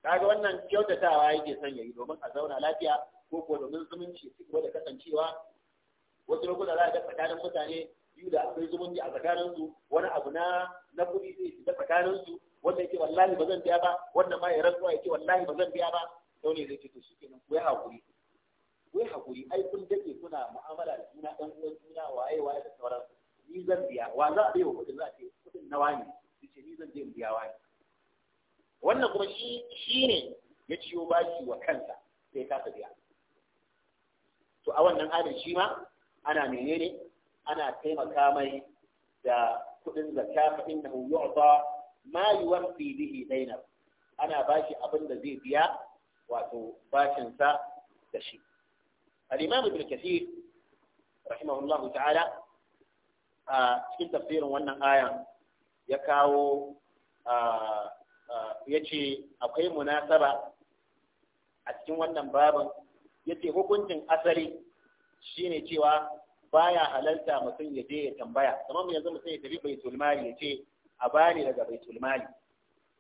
kaga wannan kyautatawa yake son yayi domin a zauna lafiya ko ko domin zumunci ko da kasancewa wasu lokuta za a ga tsakanin mutane biyu da akwai zumunci a tsakaninsu wani abu na na kuɗi zai shiga tsakaninsu wanda yake wallahi ba zan biya ba wannan ma ya rantsuwa yake wallahi ba zan biya ba sau ne zai ce to shikenan ku yi hakuri ku hakuri ai kun dake kuna mu'amala da juna ɗan uwan juna waye waye da sauran ni zan biya wa za a biya kuɗin za a ce kuɗin nawa ne su ce ni zan je in biya wani wannan kuma shi shi ne ya ciyo bashi wa kansa sai kasa biya to a wannan halin shi ma ana menene ana taimaka mai da kuɗin zakka fa innahu yu'ta ma yuwaffi bihi daina. ana bashi abin da zai biya wato bashin sa da shi al-imam ibn kathir rahimahullahu ta'ala a cikin tafsirin wannan ayan ya kawo ya ce akwai munasaba a cikin wannan babin ya ce hukuncin asali shine cewa baya halarta mutum ya je ya tambaya kamar mu yanzu mutum ya tafi bai mali ya ce a bani daga mai tulmali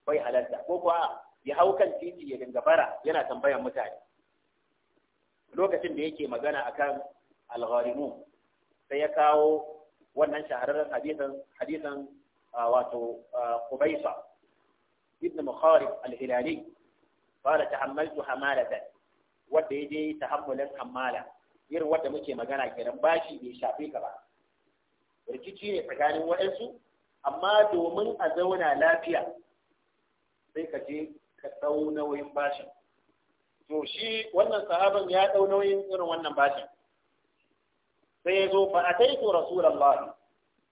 bai halarta ko kuwa ya hau kan titi ya dinga bara yana tambayan mutane lokacin da yake magana akan algharimu sai ya kawo wannan shahararren hadisan hadisan wato kubaisa ibn Mukharib al-Hilali qala tahammaltu hamalatan wanda yaje tahammulin hamala. irin wadda muke magana kenan bashi bai shafe ka ba rikici ne tsakanin waɗansu amma domin a zauna lafiya sai ka je ka ɗau nauyin bashin to shi wannan sahaban ya ɗau nauyin irin wannan bashin sai ya zo fa ataitu rasulullahi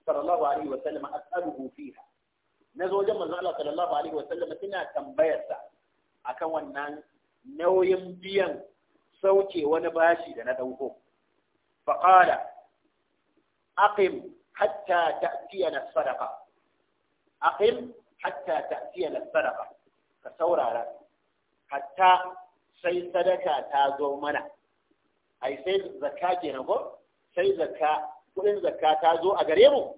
sallallahu alaihi wa as'aluhu fiha na zo wajen Allah sallallahu alaihi wa sallam ina tambayar sa akan wannan nauyin biyan sauke wani bashi da na ɗauko faƙala aqim hatta na sadaqa aqim hatta na sadaqa ka saurara hatta sai sadaka ta zo mana ai sai zakka kenan ko sai zakka kudin zakka ta zo a gare mu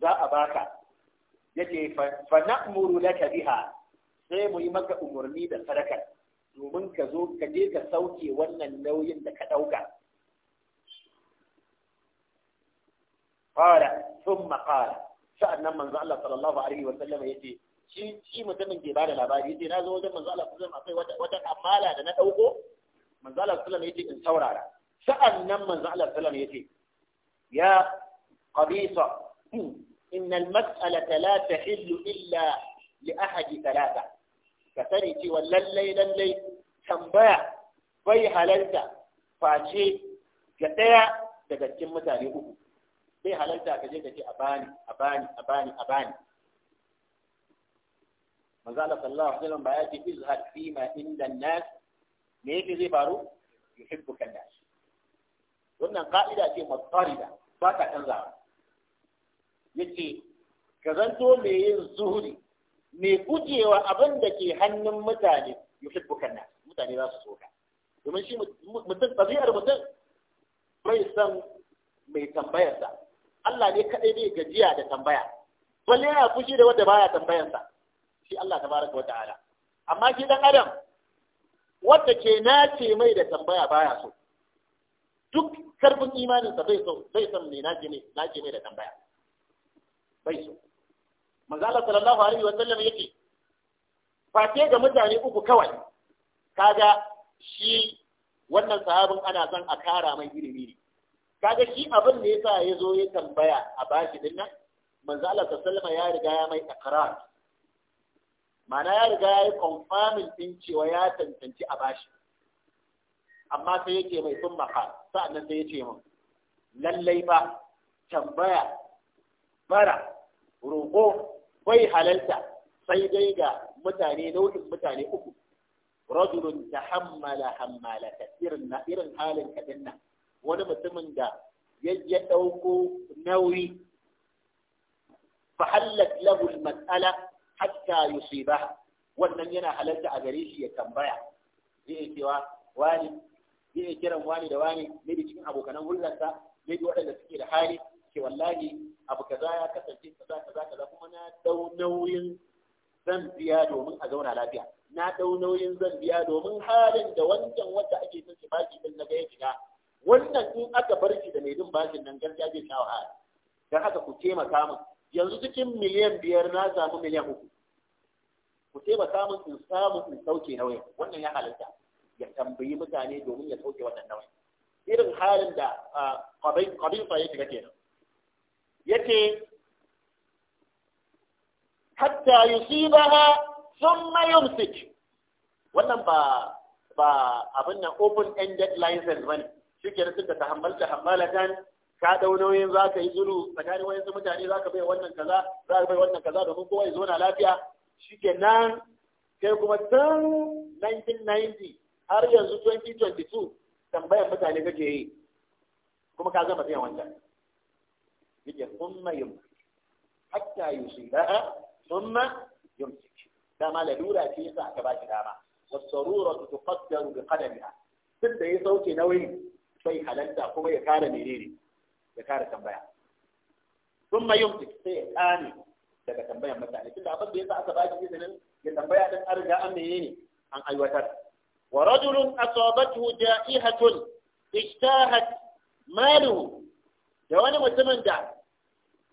za a baka yake fa na'muru laka biha sai mu yi maka umurni da sadakar domin ka zo ka je ka sauke wannan nauyin da ka ɗauka qala thumma qala sa'annan manzo Allah sallallahu alaihi wa sallam yace shi shi mutumin ke bada labari yace na zo wajen manzo Allah sallallahu alaihi wa sallam akwai wata amala da na dauko manzo Allah sallallahu alaihi wa sallam yace in saurara sa'annan manzo Allah sallallahu alaihi wa sallam yace ya qabisa inna al-mas'alata la tahillu illa li ahadi thalatha ka sani cewa lallai lallai tambaya bai halarta face ga ɗaya daga cikin mutane uku bai halarta ka je ka ce a bani a bani a bani a bani manzo Allah sallallahu alaihi wasallam ba ya ce izhad fi ma inda nas me yake zai faru yuhibbuka nas wannan ka'ida ce mutarida ba ta canzawa yace ka zanto me yin zuhuri mai gujewa abin da ke hannun mutane yuhibbukan nas mutane za su soka domin shi mutum tsabiyar mutum bai san mai tambayarsa Allah ne kadai ne gajiya da tambaya balle yana fushi da wanda baya tambayarsa shi Allah tabaraka wata'ala amma shi dan adam wanda ke nace mai da tambaya baya so duk karfin imaninsa bai so bai san mai na mai nace mai da tambaya bai so manzala sallallahu alaihi wa sallam yake face ga mutane uku kawai kaga shi wannan sahabin ana son a kara mai ilimi ne kaga shi abin da yasa ya zo ya tambaya a bashi din nan manzo Allah ya riga ya mai ikrar mana ya riga ya confirming din cewa ya tantance a bashi amma sai yake mai sun maka nan sai yace mun lallai ba tambaya bara roƙo bai halalta sai dai ga mutane nau'in mutane uku rajulun tahammala hammalata irin na irin halin kadin nan wani mutumin da ya dauko nauyi fahallat lahu matsala, hatta yusibaha wannan yana halarta a gare shi ya tambaya zai cewa wani zai kiran wani da wani ne cikin abokanan hullarsa ne waɗanda suke da hali ke wallahi abu kaza ya kasance kaza kaza kaza kuma na dau nauyin zan biya domin a zauna lafiya na dau nauyin zan biya domin halin da wancan wanda ake son shi baki din naga ya shiga wannan in aka bar shi da mai bin bashin nan gargajiya zai sha wahala dan haka ku taimaka min yanzu cikin miliyan biyar na samu miliyan uku ku taimaka min in samu in sauke nauyin wannan ya halatta ya tambayi mutane domin ya sauke wannan nauyin irin halin da kabin ah, fa ya shiga kenan yace hatta yusibaha thumma yumsik wannan ba ba abin nan open ended license bane shike ne suka tahammalta hammalatan ka dau nauyin za ka yi zuru wayan su mutane za ka bai wannan kaza za ka bai wannan kaza domin kowa ya zo na lafiya shike nan kai kuma tun 1990 har yanzu 2022 tambayar mutane kake yi kuma ka zama biyan wancan بدي ثم يمسك حتى يصيبها ثم يمسك كما لدورة تيسا كباك داما والسرورة تقدر بقدمها سبت يصوت صوتي نوي شوي حلالتا قوة يكار ميريري يكار تنبيع ثم يمسك سيء آني سيء تنبيع مثالي كلا أفضل يسا كباك إذن يتنبيع أن أرجع أميني عن أيوتر ورجل أصابته جائحة اجتاهت ماله لو أنا متمن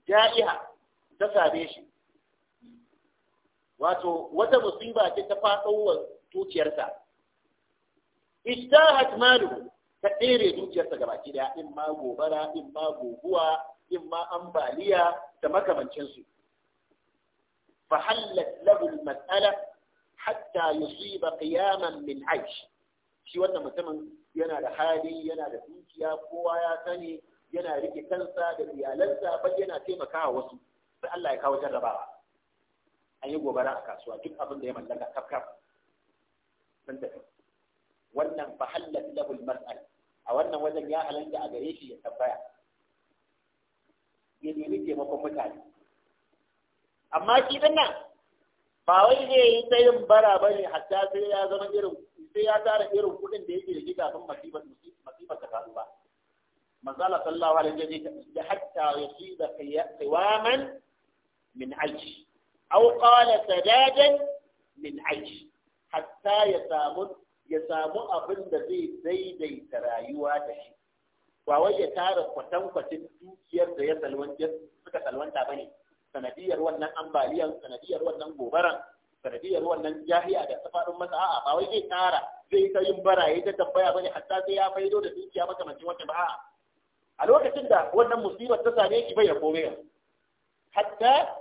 ja'iha ta same shi wato wata musiba ce ta faɗo wa dukiyarsa ishtahat malu ta ɗere dukiyarsa gaba ki daya in ma gobara in ma guguwa in ma ambaliya da makamancinsu fa hallat lahu masala hatta yusiba qiyaman min aish shi wannan mutumin yana da hali yana da dukiya kowa ya sani yana rike kansa da iyalansa ba yana taimakawa wasu sai Allah ya kawo jarrabawa an yi gobara a kasuwa duk abin da ya mallaka kafkaf sun tafi wannan fa hallat lahu al a wannan wajen ya halanta a gare shi ya tabbaya ya nemi taimakon mutane amma shi nan ba wai zai yi ta yin bara ba ne hatta sai ya zama irin sai ya tara irin kuɗin da yake da shi kafin masifar ta faru ba manzala sallallahu alaihi wasallam hatta yusiba qiwaman min aji aw qala sadadan min aji hatta ya samu abin da zai daidaita rayuwa da shi ba wai ya tara kwatankwacin dukiyar da ya salwanta suka salwanta bane sanadiyar wannan sanadiyar wannan gobaran sanadiyar wannan jahiya da safarin masa a'a ba wai zai tara zai ta yin bara ya ta tambaya bane hatta sai ya faido da dukiya makamancin wata ba a'a a lokacin da wannan musibar ta same shi bai da ya hatta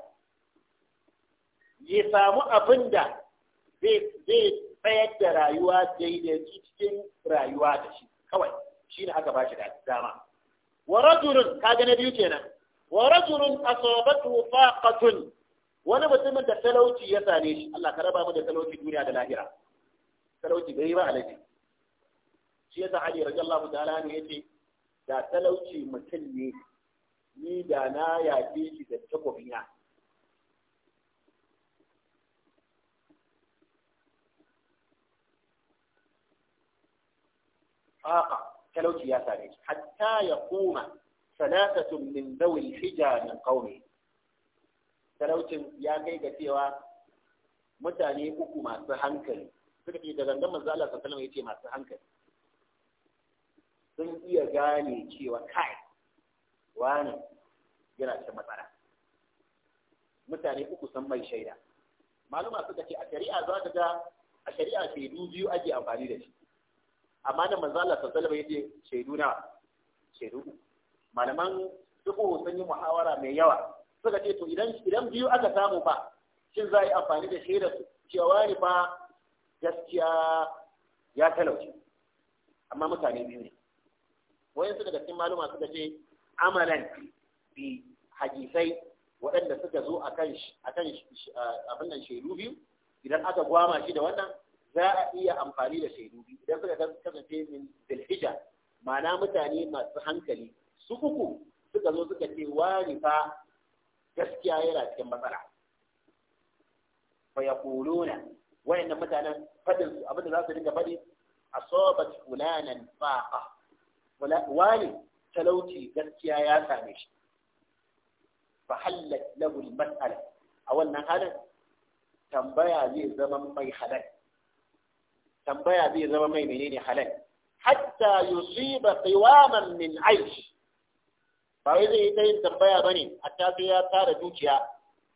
ya samu abin da zai tsayar da rayuwa daidai cikin rayuwa da shi kawai shi ne aka ba shi dama wa rajulun ka na biyu kenan wa rajulun asabatu faqatun wani mutumin da talauci ya same shi Allah ka raba mu da talauci duniya da lahira talauci bai ba alaji shi ya yasa Ali radiyallahu ta'ala ne yace da talauci mutum ne ni da na yaƙe shi da takwabina a'a talauci ya same shi hatta ya koma salatatun min dawil hija min qaumi talaucin ya kai ga cewa mutane uku masu hankali suka ce da gangan manzo Allah sallallahu alaihi wasallam yace masu hankali sun iya gane cewa kai wani yana cikin matsala mutane uku sun mai shaida maluma suka ce a shari'a za ka ga a shari'a shaidu biyu ake amfani da shi amma da manzo Allah sallallahu alaihi wasallam shaidu na shaidu malaman duku sun yi muhawara mai yawa suka ce to idan idan biyu aka samu fa shin za a yi amfani da shaida su cewa wani fa gaskiya ya talauce amma mutane biyu ne su daga cikin maluma suka ce amalan bi hadisai waɗanda suka zo a kan abin nan shaidu biyu idan aka gwama shi da wannan za a iya amfani da shaidu biyu idan suka kasance min dilhija ma'ana mutane masu hankali su uku suka zo suka ce warifa gaskiya yana cikin matsala fa ya kuluna wayannan mutanen faɗin abin da za su dinga faɗi asabat fulanan faqa wani talauci gaskiya ya same shi fa hallat lahu al a wannan halin tambaya zai zama mai halal tambaya zai zama mai menene halal hatta yusiba qiwaman min aish ba wai zai ta yin tambaya bane hatta sai ya tara dukiya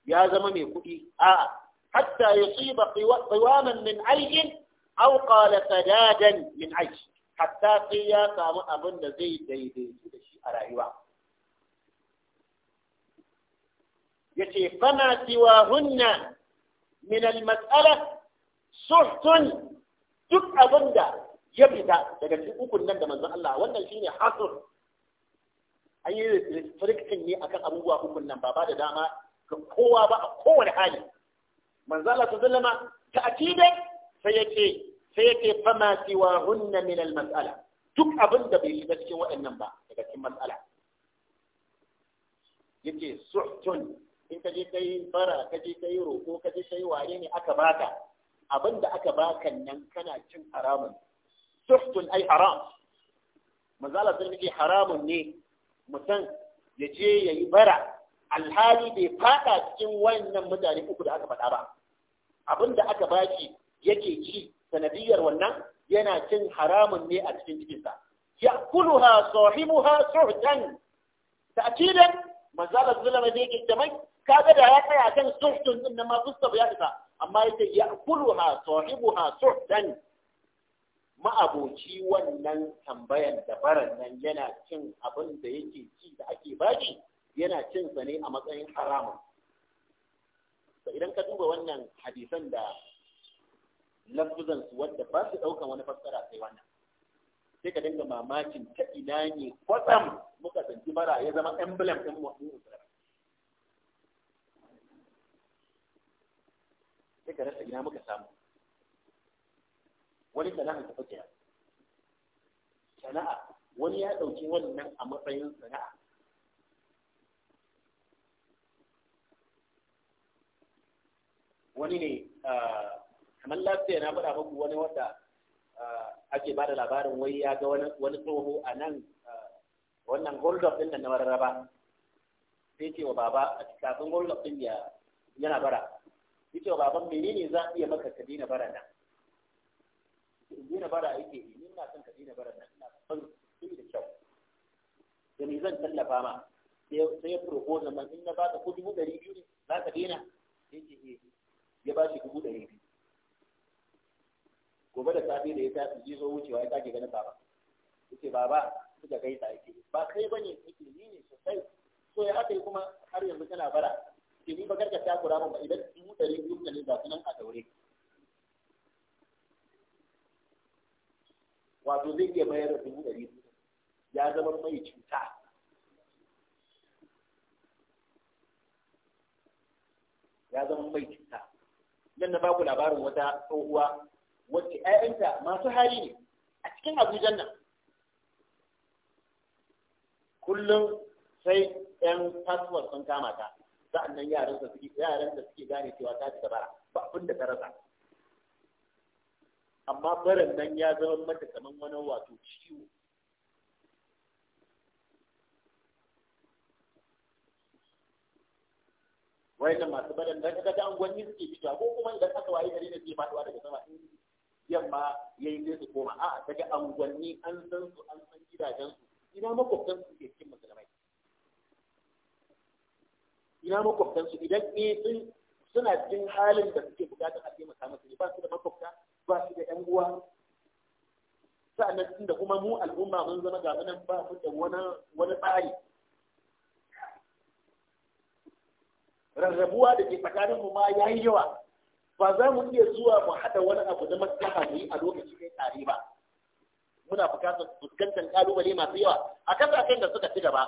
ya zama mai kuɗi a'a hatta yusiba qiwaman min aish aw qala sadadan min aish hatta sai ya samu abin da zai daidaitu da shi a rayuwa Ya yace fama hunna min al matsala suhtun duk abin da ya fita daga cikin ukun nan da manzan Allah wannan shine hasur. an yi restriction ne akan abubuwa ukun nan ba ba da dama ga kowa ba a kowane hali Manzan Allah ta zallama ta dai, sai ce. sai yake fama siwa hunna min al-mas'ala duk abin da bai shiga cikin waɗannan ba daga cikin mas'ala yake suhtun in ka je kai bara ka je kai roko ka je kai waye ne aka baka abin da aka baka nan kana cin haramun suhtun ai haram mazala sun yake haramun ne mutum ya je ya yi bara alhali bai fada cikin wannan mutane uku da aka faɗa ba abin da aka baki yake ci sanadiyar wannan yana cin haramun ne a cikin cikinsa ya ha sahibuha ta akidan mazala zulama ne yake jamai kaga da ya tsaya kan suhtun din nan ma fusta ya isa amma yake ya sohimu ha suhtan ma'aboci wannan tambayan da baran nan yana cin abin da yake ci da ake baki yana cin sa ne a matsayin haramun idan ka duba wannan hadisan da lafzan su wanda ba su dauka wani fassara sai wannan sai ka dinga mamakin ta ina ne kwatsam muka tsinci bara ya zama emblem ɗin mu'min sai ka rasa ina muka samu wani sana'a ta fake sana'a wani ya ɗauki wannan a matsayin sana'a wani ne ah, kamar lafiya na faɗa muku wani wanda ah, ake ba da labarin wai ya ga wani tsoho a nan ah, wannan hold up ɗin da na mararraba sai ce wa baba a hold up ɗin ya yana bara sai ce wa baban menene za a iya maka ka daina bara nan daina bara yake ni ina son ka daina bara nan ina son su da kyau da zan tallafa ma sai ya propose man in na ba ka ko dubu biyu ne za ka daina sai ce eh. ya ba shi dubu biyu gobe da safe da ya tafi ji zo wucewa ya sake ganin baba yace baba kai gaisa yake ba kai bane yake ni ne sosai so ya haka kuma har yanzu kana bara ke ni bakar ka takura ba idan mu dari biyu ne ba sunan a daure wato zai iya mayar da dubu dari ya zama mai cuta ya zama mai cuta nan na baku labarin wata tsohuwa wacce ‘ya'yanta masu hali ne a cikin abujan nan kullum sai ‘yan fasuwar sun kama ta sa'annan yaran da suke yaran da suke gane cewa ta ci gaba ba abin da ta rasa amma barin nan ya zama mata kaman wani wato ciwo wai da masu barin nan kaga an gwani suke fitowa ko kuma idan aka waye gari ne ke faduwa daga sama in yamma ya yi su koma a daga angwanni an san su an san gidajensu ina makwabtan su ke cikin musulmai ina makwabtan su idan ne eh, sun suna cikin halin da suke bukatar a taimaka musu ne ba su da makwabta ba su da yan uwa sa'annan da kuma mu al'umma mun zama ga nan ba su da wani wani tsari rarrabuwa da ke tsakaninmu ma ya yi yawa ba za mu iya zuwa mu haɗa wani abu na maslaha mu yi a lokaci kai tare ba muna bukatar fuskantar kalubale masu yawa a kan kasashen da suka ci gaba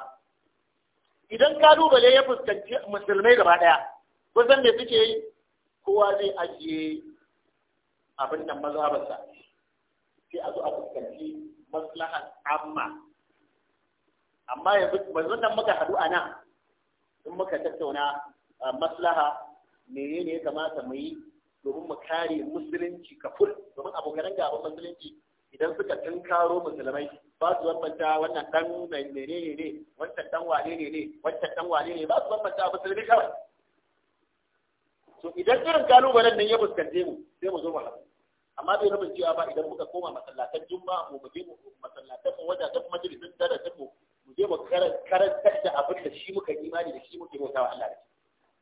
idan kalubale ya fuskanci musulmai gaba ɗaya kusan me suke yi kowa zai ajiye abin nan mazhabarsa sai a zo a fuskanci maslaha amma amma yanzu nan muka haɗu a nan in muka tattauna ah, maslaha menene ya kamata mu yi domin mu kare musulunci kafur domin abokan gaban musulunci idan suka tunkaro musulmai ba su bambanta wannan dan mai menene ne ne wancan dan wane ne ne wancan dan wane ne ba su bambanta musulmi kawai so idan irin kalubalen nan ya fuskante mu sai mu zo mu haɗu amma bai rubin cewa ba idan muka koma masallatan juma'a mu mu je mu masallatan mu wajajen majalisin da mu mu je mu karanta da abin da shi muka imani da shi muke bautawa Allah da shi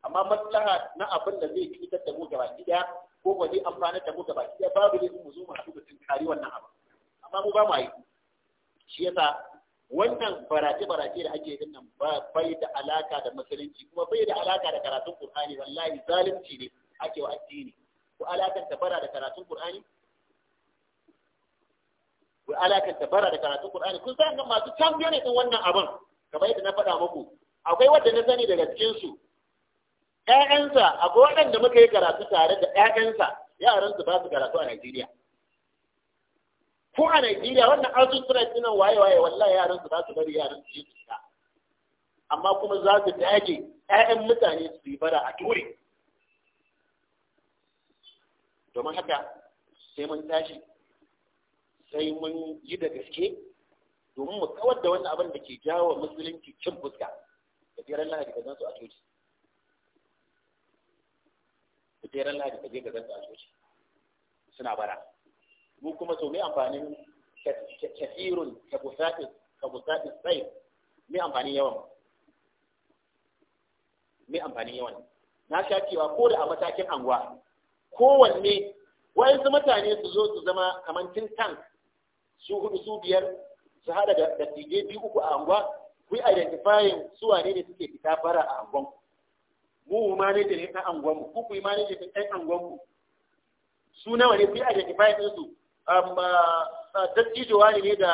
amma maslaha na abin da zai cutar da mu baki daya ko ba zai amfana da mu baki daya babu ne mu zo mu haɗu da kari wannan abu amma mu ba mu yi shi yasa wannan barace barace da ake yin nan bai da alaka da musulunci kuma bai da alaka da karatun qur'ani wallahi zalunci ne ake wa addini ko alakan tabara da karatun qur'ani ko alakan tabara da karatun qur'ani kun san masu champion din wannan abin kamar yadda na faɗa muku akwai wanda na sani daga cikin su ƴaƴansa akwai waɗanda muka yi karatu tare da ƴaƴansa yaransu ba su karatu a Najeriya ko a Najeriya wannan arzu suna tunan waye waye wallahi yaransu ba su bari yaran su yi shiga amma kuma za su dage ƴaƴan mutane su yi bara a ture domin haka sai mun tashi sai mun yi da gaske domin mu kawar da wani abin da ke jawo musulunci cin fuska da jiran lahadi da zan su a coci sai ran lahadi ka je ka zanta a coci suna bara mu kuma so mai amfanin kafirun kabusatis kabusatis sai mai amfanin yawan mai amfanin yawan na sha cewa ko da a matakin anguwa kowanne wa'yansu mutane su zo su zama kamantin tin tank su hudu su biyar su hada da dattijai biyu uku a anguwa ku identifying su wane ne suke fita fara a anguwanku mu manajan ɗan anguwan mu ku ku yi manajan ɗan anguwan mu su nawa ne ku yi identify din su um, wani ne da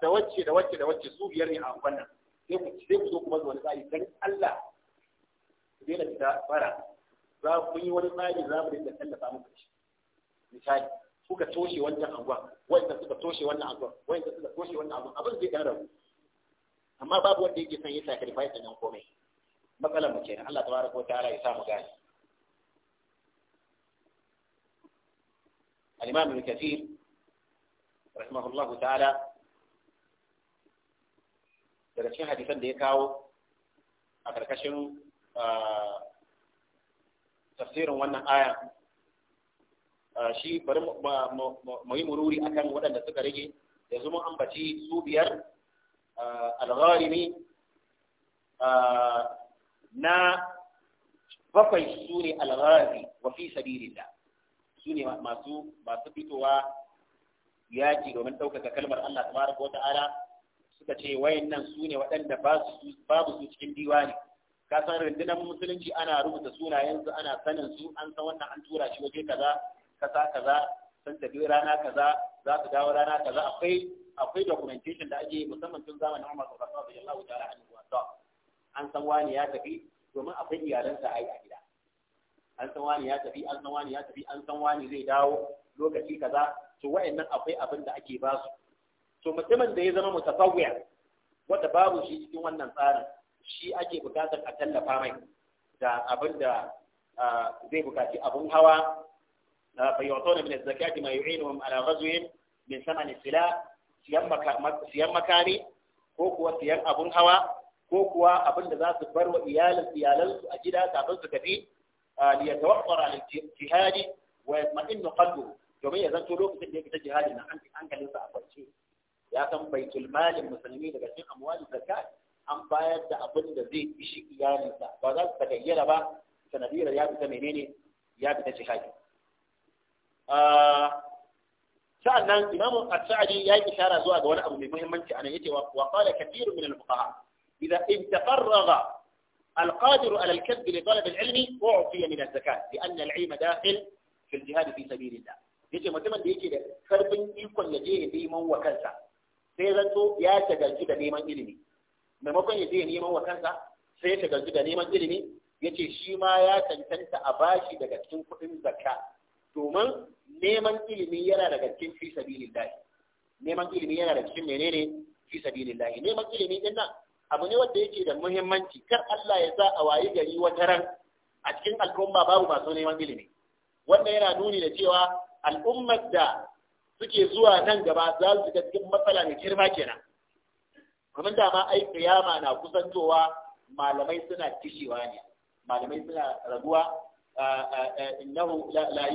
da wacce da wacce da wacce su biyar ne a anguwan nan sai ku sai ku zo kuma da wani tsari dan Allah ku daina fita fara za ku yi wani tsari za mu dinga tallafa muku shi misali kuka toshe wannan anguwan wanda suka toshe wannan anguwan wanda suka toshe wannan anguwan abin zai rabu amma babu wanda yake son ya sacrifice nan komai matsalar mu kenan Allah tabaraka wa ta'ala ya sa mu gane al-Imam Ibn Kathir rahimahullahu ta'ala daga cikin hadisan da ya kawo a karkashin ah, tafsirin wannan aya ah, shi bari mu yi mururi akan waɗanda suka rage yanzu mun ambaci su biyar ah, al-gharimi na bakwai sune ne alghazi wa fi sabilillah su ne masu masu fitowa yaji domin ɗaukaka kalmar Allah tabaraka wata'ala suka ce wayannan su waɗanda babu su cikin diwani ka san rundunar musulunci ana rubuta su ana sanin su an san wannan an tura shi waje kaza kaza kaza sun tafi rana kaza za su dawo rana kaza akwai akwai documentation da ake musamman tun zamanin Umar bin Khattab radiyallahu ta'ala anhu wa an san wani ya tafi domin akwai iyalansa a yi a gida an san wani ya tafi an san wani ya tafi an san wani zai dawo lokaci kaza to wa'annan akwai abin da ake basu to mutumin da ya zama mutasawwiya wanda babu shi cikin wannan tsarin shi ake bukatar a tallafa mai da abin da zai bukaci abun hawa fayyatona min zakati ma yu'inuhum ala ghazwin min saman sila siyan makani, ko kuwa siyan abun hawa ko kuwa abin da za su bar wa iyalin iyalansu a gida kafin su tafi li yatawaffara lil jihadi wa yatma'innu qalbuhu domin ya zanto lokacin da ya fita jihadi na an hankalinsa a kwance ya san baitul malin musulmi daga cikin amwalin zakat an bayar da abin da zai ishi iyalinsa ba za su tagayyara ba sanadiyar ya fita menene ya fita jihadi sa'annan imamu as-sa'di ya yi ishara zuwa ga wani abu mai muhimmanci anan yace wa qala kathirun min al-fuqaha إذا تفرغ القادر على الكسب لطلب العلم أعطي من الزكاة لأن العلم داخل في الجهاد في سبيل الله yace mutumin da yake da karfin ikon ya je ya neman wa kansa sai zanto ya shagaltu da neman ilimi maimakon ya je ya neman wa kansa sai ya shagaltu da neman ilimi Ya ce shi ma ya cancanta a bashi daga cikin kuɗin zakka domin neman ilimi yana daga cikin fi sabilillah neman ilimi yana daga cikin menene fi sabilillah neman ilimi din nan abu ne wanda yake da muhimmanci kar Allah ya sa a wayi gari wata ran a cikin al'umma babu masu neman ilimi wanda yana nuni da cewa al'ummar da suke zuwa nan gaba za su ga cikin matsala mai girma kenan kamar da ma ai kiyama na kusantowa malamai suna kishewa ne malamai suna raguwa innahu la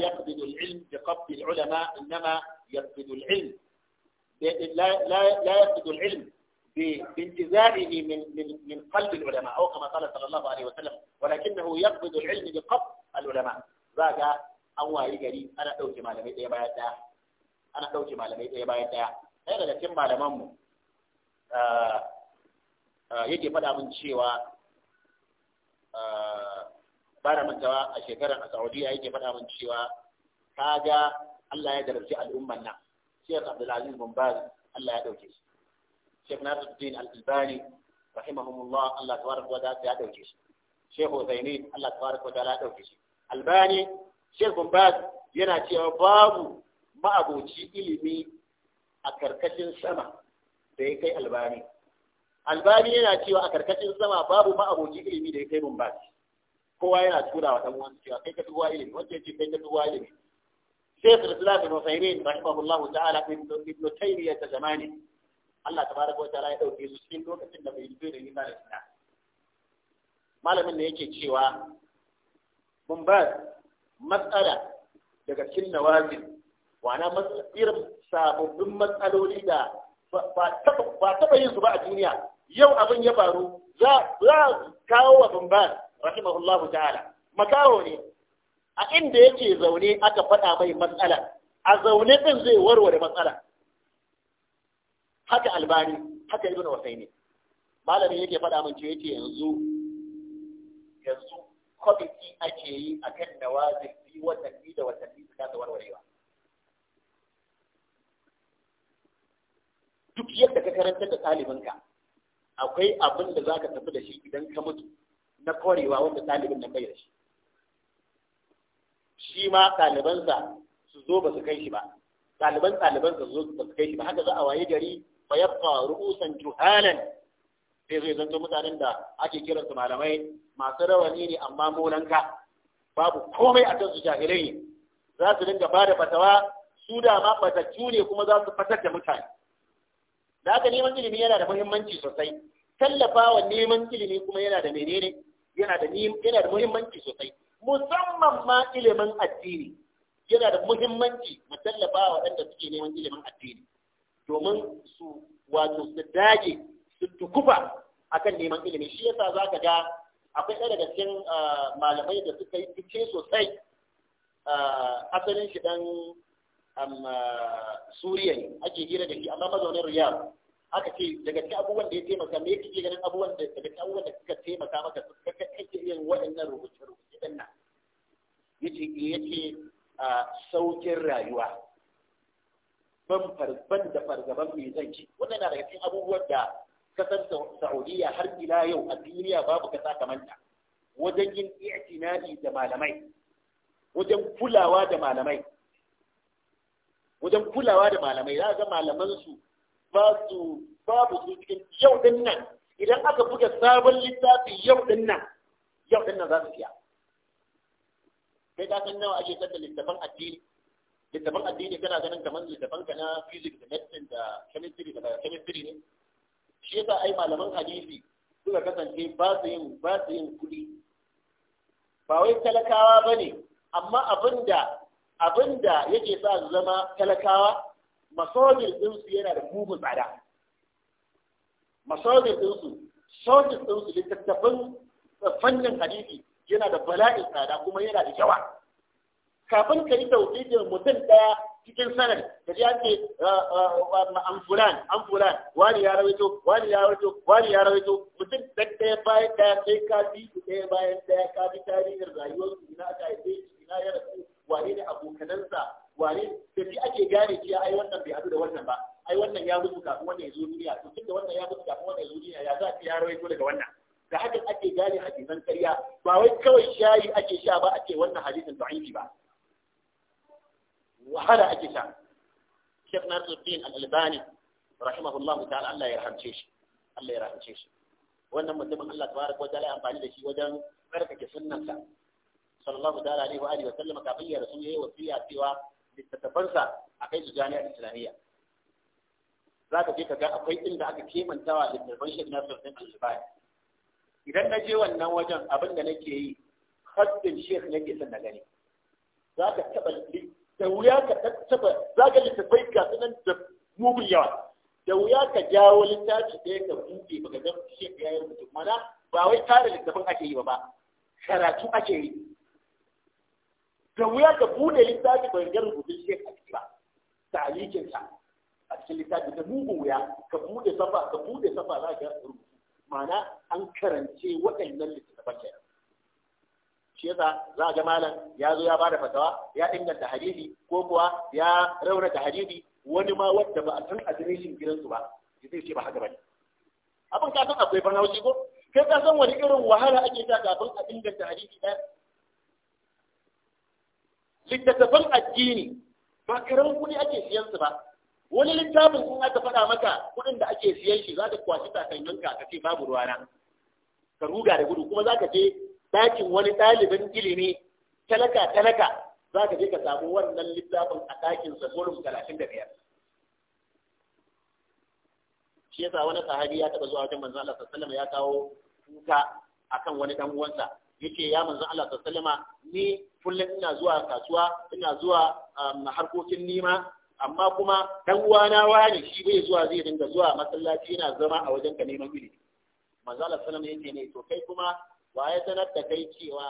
بانتزاعه من من من قلب العلماء او كما قال صلى الله عليه وسلم ولكنه يقبض العلم بقبض العلماء ذاك an wayi gari ana ɗauke malamai ɗaya bayan ɗaya ana ɗauke malamai ɗaya bayan ɗaya ɗaya daga cikin malamanmu yake faɗa mun cewa ba mantawa a shekarar a saudiya yake faɗa mun cewa kaga Allah ya jarabci al'umman nan shekar abdulaziz bin baz Allah ya ɗauke shi Sheikh Nasiruddin Al-Albani rahimahumullah Allah tabaraka wa ta'ala ya dauke shi Sheikh Uzaini Allah tabaraka wa ta'ala ya dauke shi Albani Sheikh Bin Baz yana cewa babu ma'aboci ilimi a karkashin sama da ya kai Albani Albani yana cewa a karkashin sama babu ma'aboci ilimi da ya kai Bin Baz kowa yana tura wa dan uwansa cewa kai ka duwa ilimi wanda ce kai ka duwa ilimi Sheikh Islam Ibn Uthaymeen rahimahullah ta'ala ibn Taymiyyah zamani Allah tabaraka wa ta'ala ya dauke su cikin lokacin da bai bai da yi da ita malamin ne yake cewa mun ba matsala daga cikin nawazin wana irin sababbin matsaloli da ba taɓa yin su ba a duniya yau abin ya faru za a kawo wa bamban rahimahullahu ta'ala makaho ne a inda yake zaune aka faɗa mai matsala a zaune ɗin zai warware matsala haka albani haka ibn wasaini malamin yake faɗa mun cewa yake yanzu yanzu kwamiti ake yi a kan nawazin bi watanni da watanni su kasa warwarewa duk yadda ka karanta da ɗalibinka akwai abin da za ka tafi da shi idan ka mutu na korewa wanda ɗalibin na bai da shi shi ma ɗalibansa su zo ba su kai shi ba ɗaliban ɗalibansa su zo ba su kai shi ba haka za a waye gari fa yabqa ru'usan juhalan sai zai zanto mutanen da ake kiransu malamai masu rawani ne amma molanka babu komai a kansu jahilai ne za su dinga ba da fatawa su da ma fatattu ne kuma za su fatar da mutane da haka neman ilimi yana da muhimmanci sosai tallafawa neman ilimi kuma yana da menene yana da yana da muhimmanci sosai musamman ma ilimin addini yana da muhimmanci mu tallafa waɗanda suke neman ilimin addini domin su wato su dage su tukufa akan neman ilimi shi yasa za ka ga akwai ɗaya daga cikin ah, malamai da suka yi fice sosai ah, asalin shi ɗan ah, suriya ne ake hira da shi amma mazaunin riyal aka ce daga cikin abubuwan da ya taimaka me kike ganin abubuwan da daga cikin abubuwan da suka taimaka maka su kaka kake yin waɗannan rubuce-rubuce ɗin nan yace eh, yace saukin rayuwa ban da fargaban mai ci wannan na daga cikin abubuwan da kasar Saudiya har ila yau a duniya babu kasa kamar ta wajen yin i'tinadi da malamai wajen kulawa da malamai wajen kulawa da malamai za ga malaman su ba su babu su cikin yau din nan idan aka buga sabon littafi yau din nan yau din nan za su fiya kai ka san nawa ake tattalin littafin addini littafin addini kana ganin kamar littafin ka na fizik da medicine da chemistry da chemistry ne shi yasa ai malaman hadisi suka kasance ba su yin ba su yin kuɗi ba wai talakawa ba ne. amma abinda abinda yake sa su zama talakawa masojin ɗinsu yana da mugun tsada masojin ɗinsu sojin ɗinsu littattafin fannin hadisi yana da bala'in tsada kuma yana da yawa kafin ka yi tauhidin mutum daya cikin sanad da ya ce an ah, ah, amfulan. wani ya rawaito wani ya rawaito wani ya rawaito mutum daya bayan ɗaya sai ka bi su ɗaya bayan ɗaya ka bi tarihin rayuwarsu ina aka haife ina ya rasu wane ne abokanansa wane da shi ake gane cewa ai wannan bai haɗu da wannan ba ai wannan ya mutu kafin wannan ya zo duniya to tunda wannan ya mutu kafin wannan ya zo duniya ya za a ce ya rawaito daga wannan da hakan ake gane hadisan ƙarya ba wai kawai shayi ake sha ba ake wannan hadisin da'ifi ba wahala ake sha Sheikh Nasruddin Al-Albani rahimahullahu ta'ala Allah ya rahamce shi Allah ya rahamce shi wannan mutumin Allah tabaraka wa ta'ala amfani da shi wajen barkake sunnansa sallallahu ta'ala alaihi wa alihi wa sallam kafin ya rasul yayi wasiya cewa littattafansa akai su jami'a islamiyya ka je ka ga akwai inda aka kemantawa littattafan Sheikh Nasruddin Al-Albani idan na je wannan wajen abin da nake yi haddin Sheikh nake son na gani za zaka taba da wuya ka taba za ka littafai ga sunan nan da mugun yawa da wuya ka jawo littafi ɗaya ka buɗe ba ka zama shi ya yi mutum mana ba wai tara littafin ake yi ba ba karatu ake yi da wuya ka buɗe littafi ba ga rubutun shi a ciki ba talikinsa a cikin littafi da mugun wuya ka buɗe safa ka buɗe safa za ka rubutu Mana an karance waɗannan littattafan kenan shi yasa za a ga malam ya zo ya bada fatawa ya inganta hadisi ko kuwa ya raunata hadisi wani ma wanda ba a san adireshin gidansu ba zai ce ba haka bane abin ka san akwai farnauci ko kai ka san wani irin wahala ake ta kafin a inganta hadisi ɗaya littattafan addini ba karamin kuɗi ake siyan su ba wani littafin in aka faɗa maka kuɗin da ake siyan shi za ka kwashi takalminka ka ce babu ruwana ka ruga da gudu kuma za ka je ɗakin wani ɗalibin ilimi talaka talaka za ka je ka samu wannan littafin a ɗakinsa gurin talatin da biyar shi yasa wani sahabi ya taɓa zuwa wajen manzon Allah sallallahu ya kawo kuka akan wani ɗan uwansa yace ya manzon Allah sallallahu ni kullum ina zuwa kasuwa ina zuwa um, harkokin nima amma kuma dan uwana wani shi bai zuwa zai dinga zuwa masallaci yana zama a wajen ka neman ilimi manzo Allah sallallahu yace ne to kai kuma ba ya sanar da kai cewa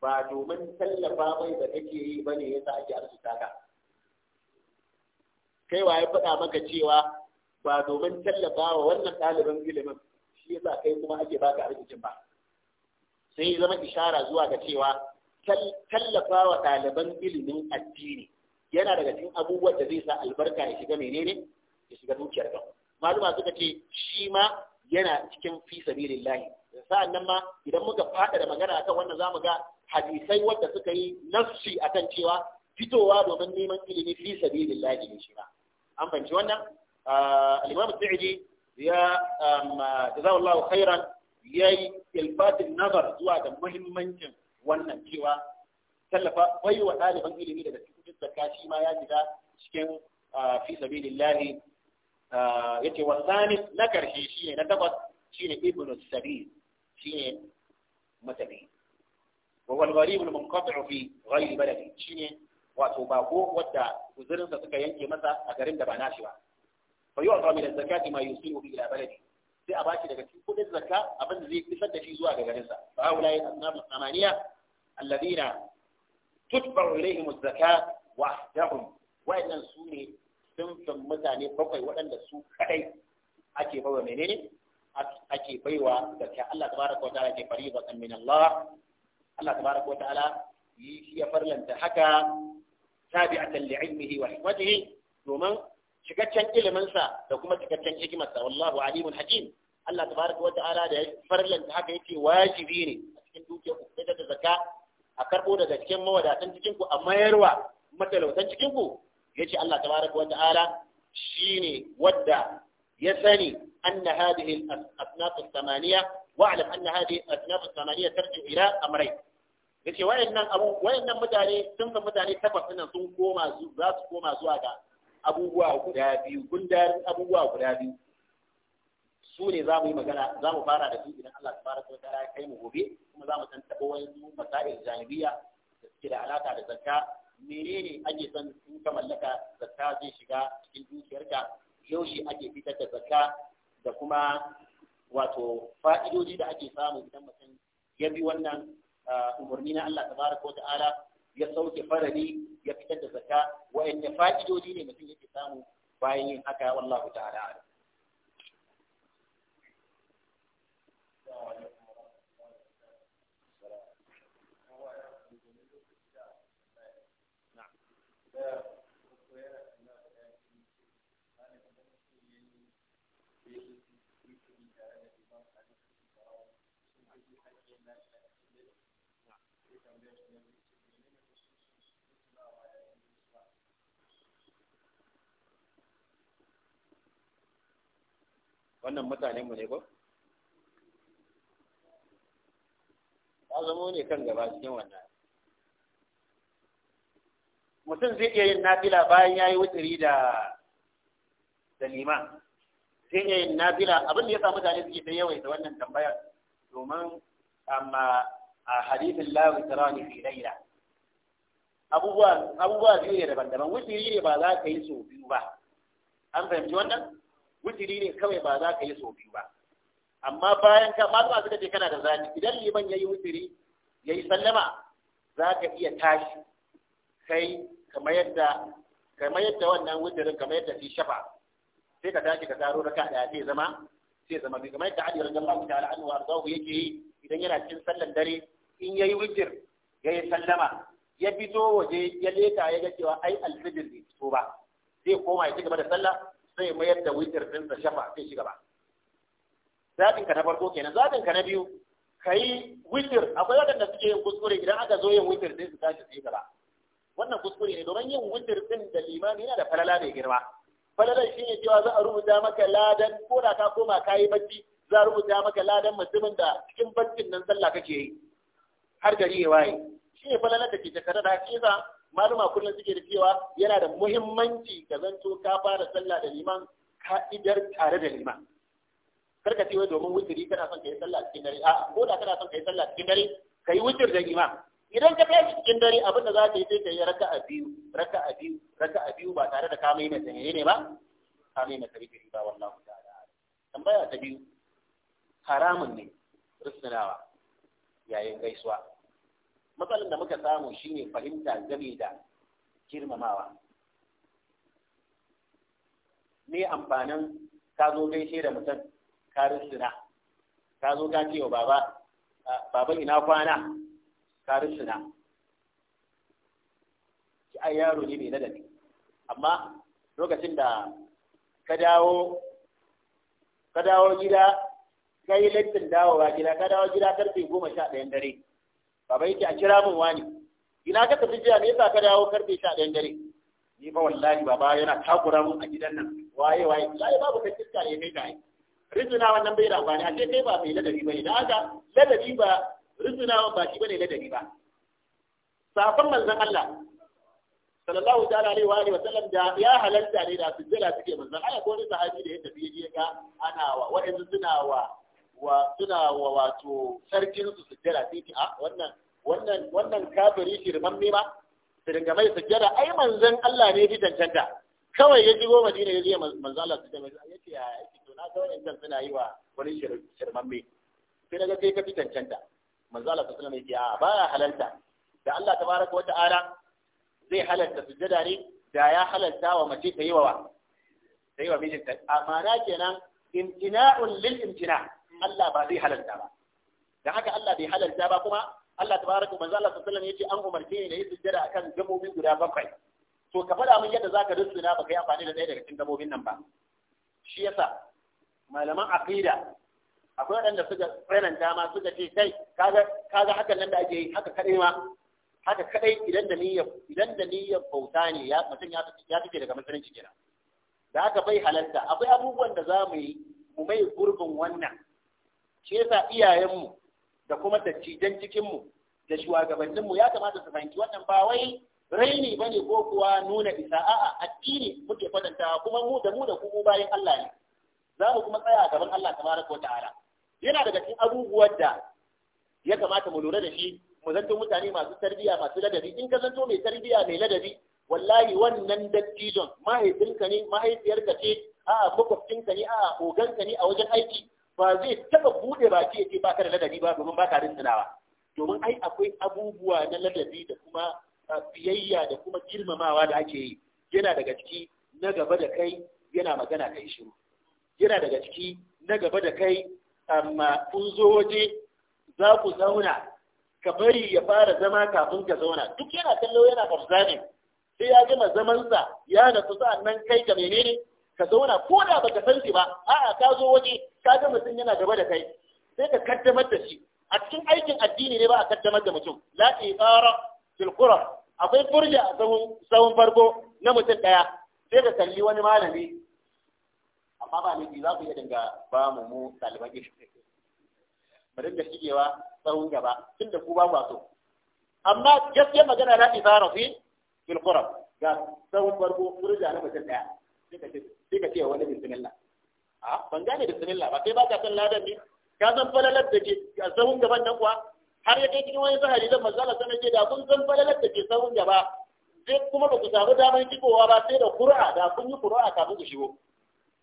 ba domin tallafa mai da kake yi bane sa ake arzuta ka kai wa ya faɗa maka cewa ba domin tallafa wa wannan ɗaliban ilimin shi ya sa kai kuma ake baka arzikin ba sai zama ishara zuwa ga cewa tallafa wa ɗaliban ilimin addini yana daga cikin abubuwan da zai sa albarka ya shiga menene ya shiga dukiyar ka maluma suka ce shi ma yana cikin fi sabilillahi sa'an nan ma idan muka fada da magana akan wannan za mu ga hadisai wanda suka yi nafsi akan cewa fitowa domin neman ilimi fi sabilillahi ne shi ma an fahimci wannan ah, al-imam sa'idi ya um, jazawallahu khairan yayi ilfatin nazar zuwa da muhimmancin wannan cewa tallafa bai wa ɗaliban ilimi daga cikin zakka shi ma ya shiga cikin ah, fi sabilillahi ah, yace wa na karshe shi ne na takwas shine ibnu sabil shine matafi wa wal gharib al munqati'u fi ghayri baladi shine wato bako wadda guzurinsa suka yanke masa a garin da ba nashi ba fa sai a baki daga cikin kudin zakka abin da zai isar da shi zuwa ga garinsa fa haula ya asnamu samaniya alladhina tutba'u ilayhim az-zakat wahdahum wa'annan su ne sun mutane bakwai waɗanda su kadai ake bawa menene ake baiwa zakka Allah tabaraka wa ta'ala ke faribatan min Allah Allah tabaraka wa ta'ala ya farlanta haka tabi'atan li'ilmihi wa hikmatihi domin cikakken iliminsa da kuma cikakken hikimarsa wallahu alimun hakim Allah tabaraka wa ta'ala da ya farlanta haka yake wajibi ne a cikin dukiyar ku fitar da zakka a karbo daga cikin mawadatan cikin ku a mayarwa matalautan cikin ku yace Allah tabaraka wa ta'ala shine wadda ya sani أن هذه الأصناف الثمانية واعلم أن هذه الأصناف الثمانية ترجع إلى أمرين yace wayannan abu wayannan mutane sun ga mutane takwas din sun koma su za su koma zuwa ga abubuwa guda biyu gundarin abubuwa guda biyu su ne za mu yi magana za mu fara da su idan Allah tabaraka wa ta'ala ya kai mu gobe kuma za mu san tabo wayansu masail janibiya da suke da alaka da zakka menene ake son in ka mallaka zakka zai shiga cikin dukiyarka yaushe ake fitar da zakka da kuma wato fa'idodi da ake samu idan mutum ya bi wannan umarni na Allah tabaraka wa ta'ala ya sauke farari, ya fitar da zaka wa'anne fa'idodi ne mutum yake samu bayan yin haka wallahu ta'ala wannan mutanenmu ne ko? ya zama ne kan gaba cikin wannan mutum zai iya yin nafila bayan ya yi wuturi da da liman zai iya yin nafila abin da ya sa mutane suke ta da wannan tambayar domin amma a hadithin la witrani fi laila abubuwa abubuwa biyu ne daban-daban wutiri ne ba za ka yi so biyu ba an fahimci wannan wutiri ne kawai ba za ka yi so biyu ba amma bayan ka ba zuwa suka ce kana da zani idan liman ya yi wutiri ya yi sallama za ka iya tashi kai kamar yadda kamar yadda wannan wutirin kamar yadda fi shafa sai ka tashi ka taro raka da zai zama sai zama bi kamar yadda Ali radiyallahu ta'ala anhu wa ardahu yake yi idan yana cikin sallan dare in yayi witir ya yi sallama ya fito waje ya leta ya ga cewa ai alfijir bai fito ba zai koma ya ci gaba da sallah sai mayar da din sa shafa sai shi gaba zaɓin ka na farko kenan zaɓin ka na biyu ka yi akwai waɗanda suke yin kuskure idan aka zo yin wajir sai su tashi sai gaba wannan kuskure ne domin yin wajir ɗin da limami yana da falala mai girma falalar shi ne cewa za a rubuta maka ladan ko da ka koma ka yi bacci za a rubuta maka ladan mutumin da cikin baccin nan sallah kake yi har gari ya waye shi ne falala da ke jakada da hakika maluma kullum suke da cewa yana da muhimmanci ka zanto ka fara sallah da liman ka'idar tare da liman karka ce wai domin wutiri kana son ka yi sallah cikin dare a ko da kana son ka yi sallah cikin dare ka yi wutir da liman idan ka tashi cikin dare abin da za ka yi sai ka yi raka a biyu a biyu a biyu ba tare da ka mai mai sanye ne ba ka mai mai karfi ba wallahu ta'ala tambaya ta biyu haramun ne rusunawa yayin gaisuwa matsalar da muka samu shine fahimta game da girmamawa me amfanin ka zo gaishe da mutum ka rusuna ka zo ka ce wa baba baba ina kwana ka rusuna ki ai yaro ne mai ladabi amma lokacin da ka dawo ka dawo gida ka yi lattin dawowa gida ka dawo gida karfe goma sha ɗayan dare baba yake a kira min wani ina ka tafi jiya me yasa ka dawo karfe sha ɗayan dare ni ba wallahi baba yana takura mun a gidan nan waye waye wallahi babu ka kiska ne kai kai rizuna wannan bai da amfani a kai ba mai ladabi bane da haka ladabi ba rizuna ba shi bane ladabi ba safan manzon Allah sallallahu ta'ala alaihi wa alihi wa sallam da ya halalta ne da sujjada suke manzon Allah ko wani sahabi da ya tafi ya ga ana wa wa'ansu suna wa wa suna wa wato sarkin su sujjada sai ki a ah, wannan wannan wannan kafiri shirman ne ma su dinga mai sujjada ai manzon Allah ne bi cancanta kawai ya jigo Madina ya je manzon Allah su dinga ya ce ya ce to na ga wannan suna yi wa wani shirman ne sai daga sai ka fi cancanta manzon Allah sallallahu alaihi wasallam ya ce a baya halalta da Allah tabaraka wa ta'ala zai halalta sujjada ne da ya halalta wa mace ta yi wa ta yi wa mijinta na kenan imtina'un lil imtina' Allah ba zai halalta ba da haka Allah bai halalta ba kuma Allah tabaraka manzo Allah sallallahu alaihi wasallam yace an umarce ni da yi sujjada akan gabobi guda bakwai to ka faɗa min yadda zaka rusuna baka yi amfani da ɗaya daga cikin gabobin nan ba shi yasa malaman aqida akwai waɗanda suka tsananta ma suka ce kai kaga kaga hakan nan da ake yi haka kadai ma haka kadai idan da niyyar idan da niyyar bauta ne ya mutum ya ya fice daga musulunci kenan da haka bai halalta akwai abubuwan da za mu yi mu mai gurbin wannan shi yasa iyayenmu da kuma dattijan cikinmu da shugabanninmu ya kamata su fahimci wannan ba wai raini ba ne ko kuwa nuna isa a'a addini muke kwatantawa kuma mu da mu da kuma bayan Allah ne za mu kuma tsaya a gaban Allah tabaraka wa ta'ala yana daga cikin abubuwan da ya kamata mu lura da shi mu zanto mutane masu tarbiyya masu ladabi in ka zanto mai tarbiyya mai ladabi wallahi wannan dattijon mahaifinka ne mahaifiyarka ce a'a makwabcinka ne a'a oganka ne a wajen aiki ba zai taba bude baki ya ce ba da ladabi ba domin ba ka rintunawa domin ai akwai abubuwa na ladabi da kuma biyayya da kuma girmamawa da ake yi yana daga ciki na gaba da kai yana magana kai shiru yana daga ciki na gaba da kai amma kun zo waje za ku zauna ka bari ya fara zama kafin ka zauna duk yana kallo yana karzani sai ya gama zamansa ya nasu sa'an nan kai ka menene ka zauna ko da baka san shi ba a'a ka zo waje ka ga mutum yana gaba da kai sai ka kaddamar da shi a cikin aikin addini ne ba a kaddamar da mutum la tsara fil qura akwai furja a tsawon farko na mutum daya sai ka kalli wani malami amma ba laifi za ku iya dinga ba mu mu ɗaliban ilimi mu dinga shigewa tsawon gaba tunda ku ba ku amma gaskiya magana la tsara fil qura ga tsawon farko furja na mutum daya sai ka ce wani bismillah a ban gane bismillah ba kai ba ka san ladan ne ka san falalar da ke a sahun gaban nan kuwa har ya kai cikin wani sahari zan manzo Allah sanar da kun san falalar da ke sahun gaba sai kuma ba ku samu daman shigowa ba sai da qur'a da kun yi qur'a kafin ku shigo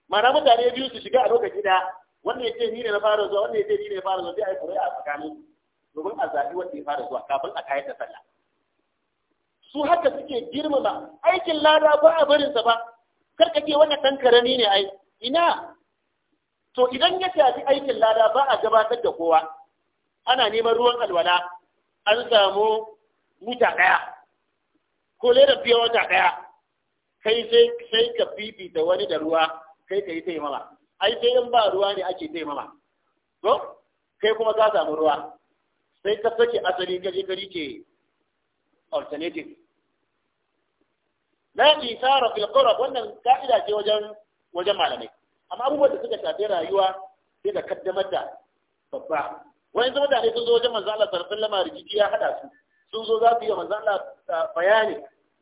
Mana mutane biyu su shiga a lokaci da wannan yace ni ne na fara zuwa wannan yace ni ne na fara zuwa sai ai a tsakanin domin a zabi wanda ya fara zuwa kafin a kayar da sallah su haka suke girmama aikin lada ba a barinsa ba kar ka ce wannan ɗan karami ne ai ina to idan ya shafi aikin lada ba a gabatar da kowa ana neman ruwan alwala an samu wuta ɗaya ko lera fiye wata ɗaya kai sai ka fifita wani da ruwa kai ka yi taimama ai sai in ba ruwa ne ake taimama to kai kuma ka samu ruwa sai ka sake asali ka je ka alternative la isara fil qurab wannan ka'ida ce wajen wajen malamai amma abubuwan da suka shafi rayuwa sai da kaddamar da babba wani zama da sun zo wajen manzo Allah sarfin lama rikici ya hada su sun zo za su yi manzo Allah ah, bayani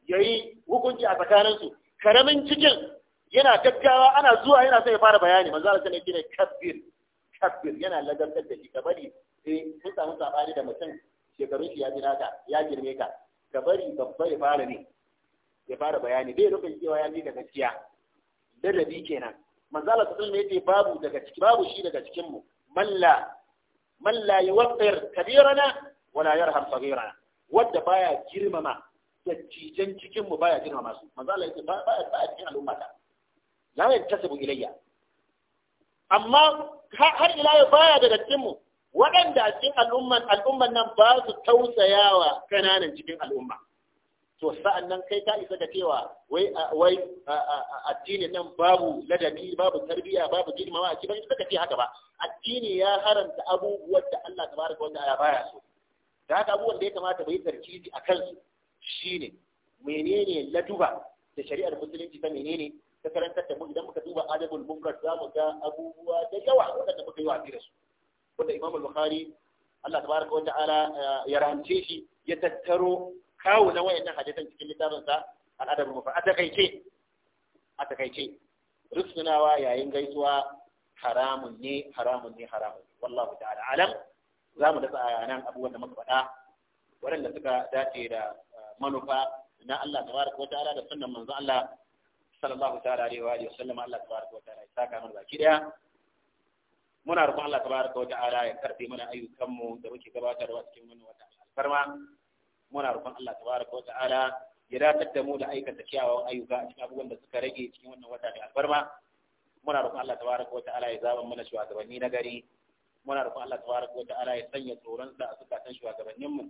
yayi hukunci a tsakanin su karamin cikin yana gaggawa ana zuwa yana sai ya fara bayani manzo Allah sai ne kabbir kabbir yana lagantar da shi ka bari eh sun samu sabani da mutum shekarun shi ya ji ya girme ka ka bari babba ya fara ne ya fara bayani bai nufin cewa ya ji da gaskiya ladabi kenan manzala ta sulma yace babu daga ciki babu shi daga cikin mu malla malla yuwaqqir kabirana wala yarham sagirana wanda baya girmama dattijan cikin mu baya girmama su manzala yace ba ba ba cikin al'umma ta la tasabu ilayya amma har ila yau baya daga cikin mu waɗanda cikin al'umman al'umman nan ba su tausayawa kananan cikin al'umma to sa'an nan kai ka isa da cewa wai wai addini nan babu ladabi babu tarbiyya babu girmama a cikin suka ce haka ba addini ya haramta abubuwan da Allah tabaraka wa ta'ala baya so da haka abubuwan da ya kamata bai tarkizi a kansu shine menene laduba da shari'ar musulunci ta menene ta karantar da mu idan muka duba adabul munkar za mu ga abubuwa da yawa wanda muka yi wa da su wanda Imamul Bukhari Allah tabaraka wa ta'ala eh, ya rahamce shi ya tattaro kawo na wayannan hadisan cikin littafin sa al'adab fa a takaice a takaice rusunawa yayin gaisuwa haramun ne haramun ne haramun wallahu ta'ala alam za mu dasa ayanan abubuwan da muka faɗa waɗanda suka dace da eh, manufa na Allah tabaraka wa ta'ala da sunnan manzo Allah sallallahu ta'ala alaihi wa alihi wasallam Allah tabaraka wa ta'ala ya saka mana baki daya muna roƙon Allah tabaraka wa ta'ala ya karbe mana ayyukan mu da muke gabatarwa cikin wannan wata alfarma muna roƙon Allah tabaraka wata'ala ya dace da mu da aikata kyawawan ayyuka a cikin abubuwan da suka rage cikin wannan wata mai albarma muna roƙon Allah tabaraka wata'ala ya zaba mana shugabanni na gari muna roƙon Allah tabaraka wata'ala ya sanya tsoron sa a zukatan shugabannin mu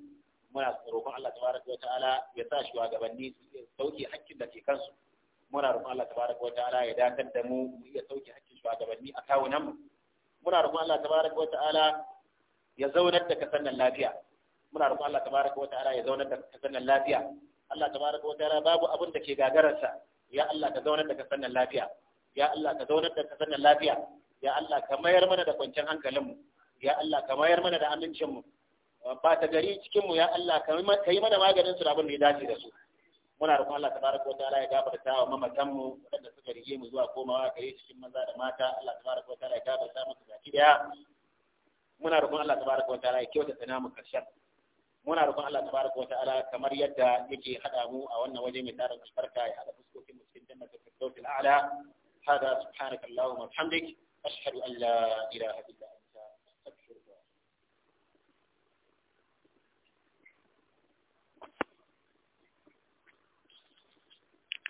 muna roƙon Allah tabaraka wata'ala ya sa shugabanni su sauke hakkin da ke kansu muna roƙon Allah tabaraka wata'ala ya dace da mu mu iya sauke hakkin shugabanni a kawunan mu muna roƙon Allah tabaraka wata'ala ya zaunar da kasan lafiya muna roƙon Allah tabaraka wa ta'ala ya zauna da kasannin lafiya Allah tabaraka wa ta'ala babu abin da ke gagararsa ya Allah ka zauna da kasannin lafiya ya Allah ka zauna da kasannin lafiya ya Allah ka mayar mana da kwanciyar hankalinmu ya Allah ka mayar mana da amincinmu ba ta gari cikinmu ya Allah ka yi mana maganin su da abin da ya dace da su muna roƙon Allah tabaraka wa ta'ala ya gafarta wa mamatan mu waɗanda suka rige mu zuwa komawa gare cikin maza da mata Allah tabaraka wa ta'ala ya gafarta musu gaki daya muna roƙon Allah tabaraka wa ta'ala ya kyautata namu karshen muna roƙon Allah tabaraka wa ta'ala kamar yadda yake hada mu a wannan waje mai tarin albarka ya hada fuskokin mu cikin jannatul firdaus al-a'la hada subhanaka allahumma wa bihamdik ashhadu an la ilaha illa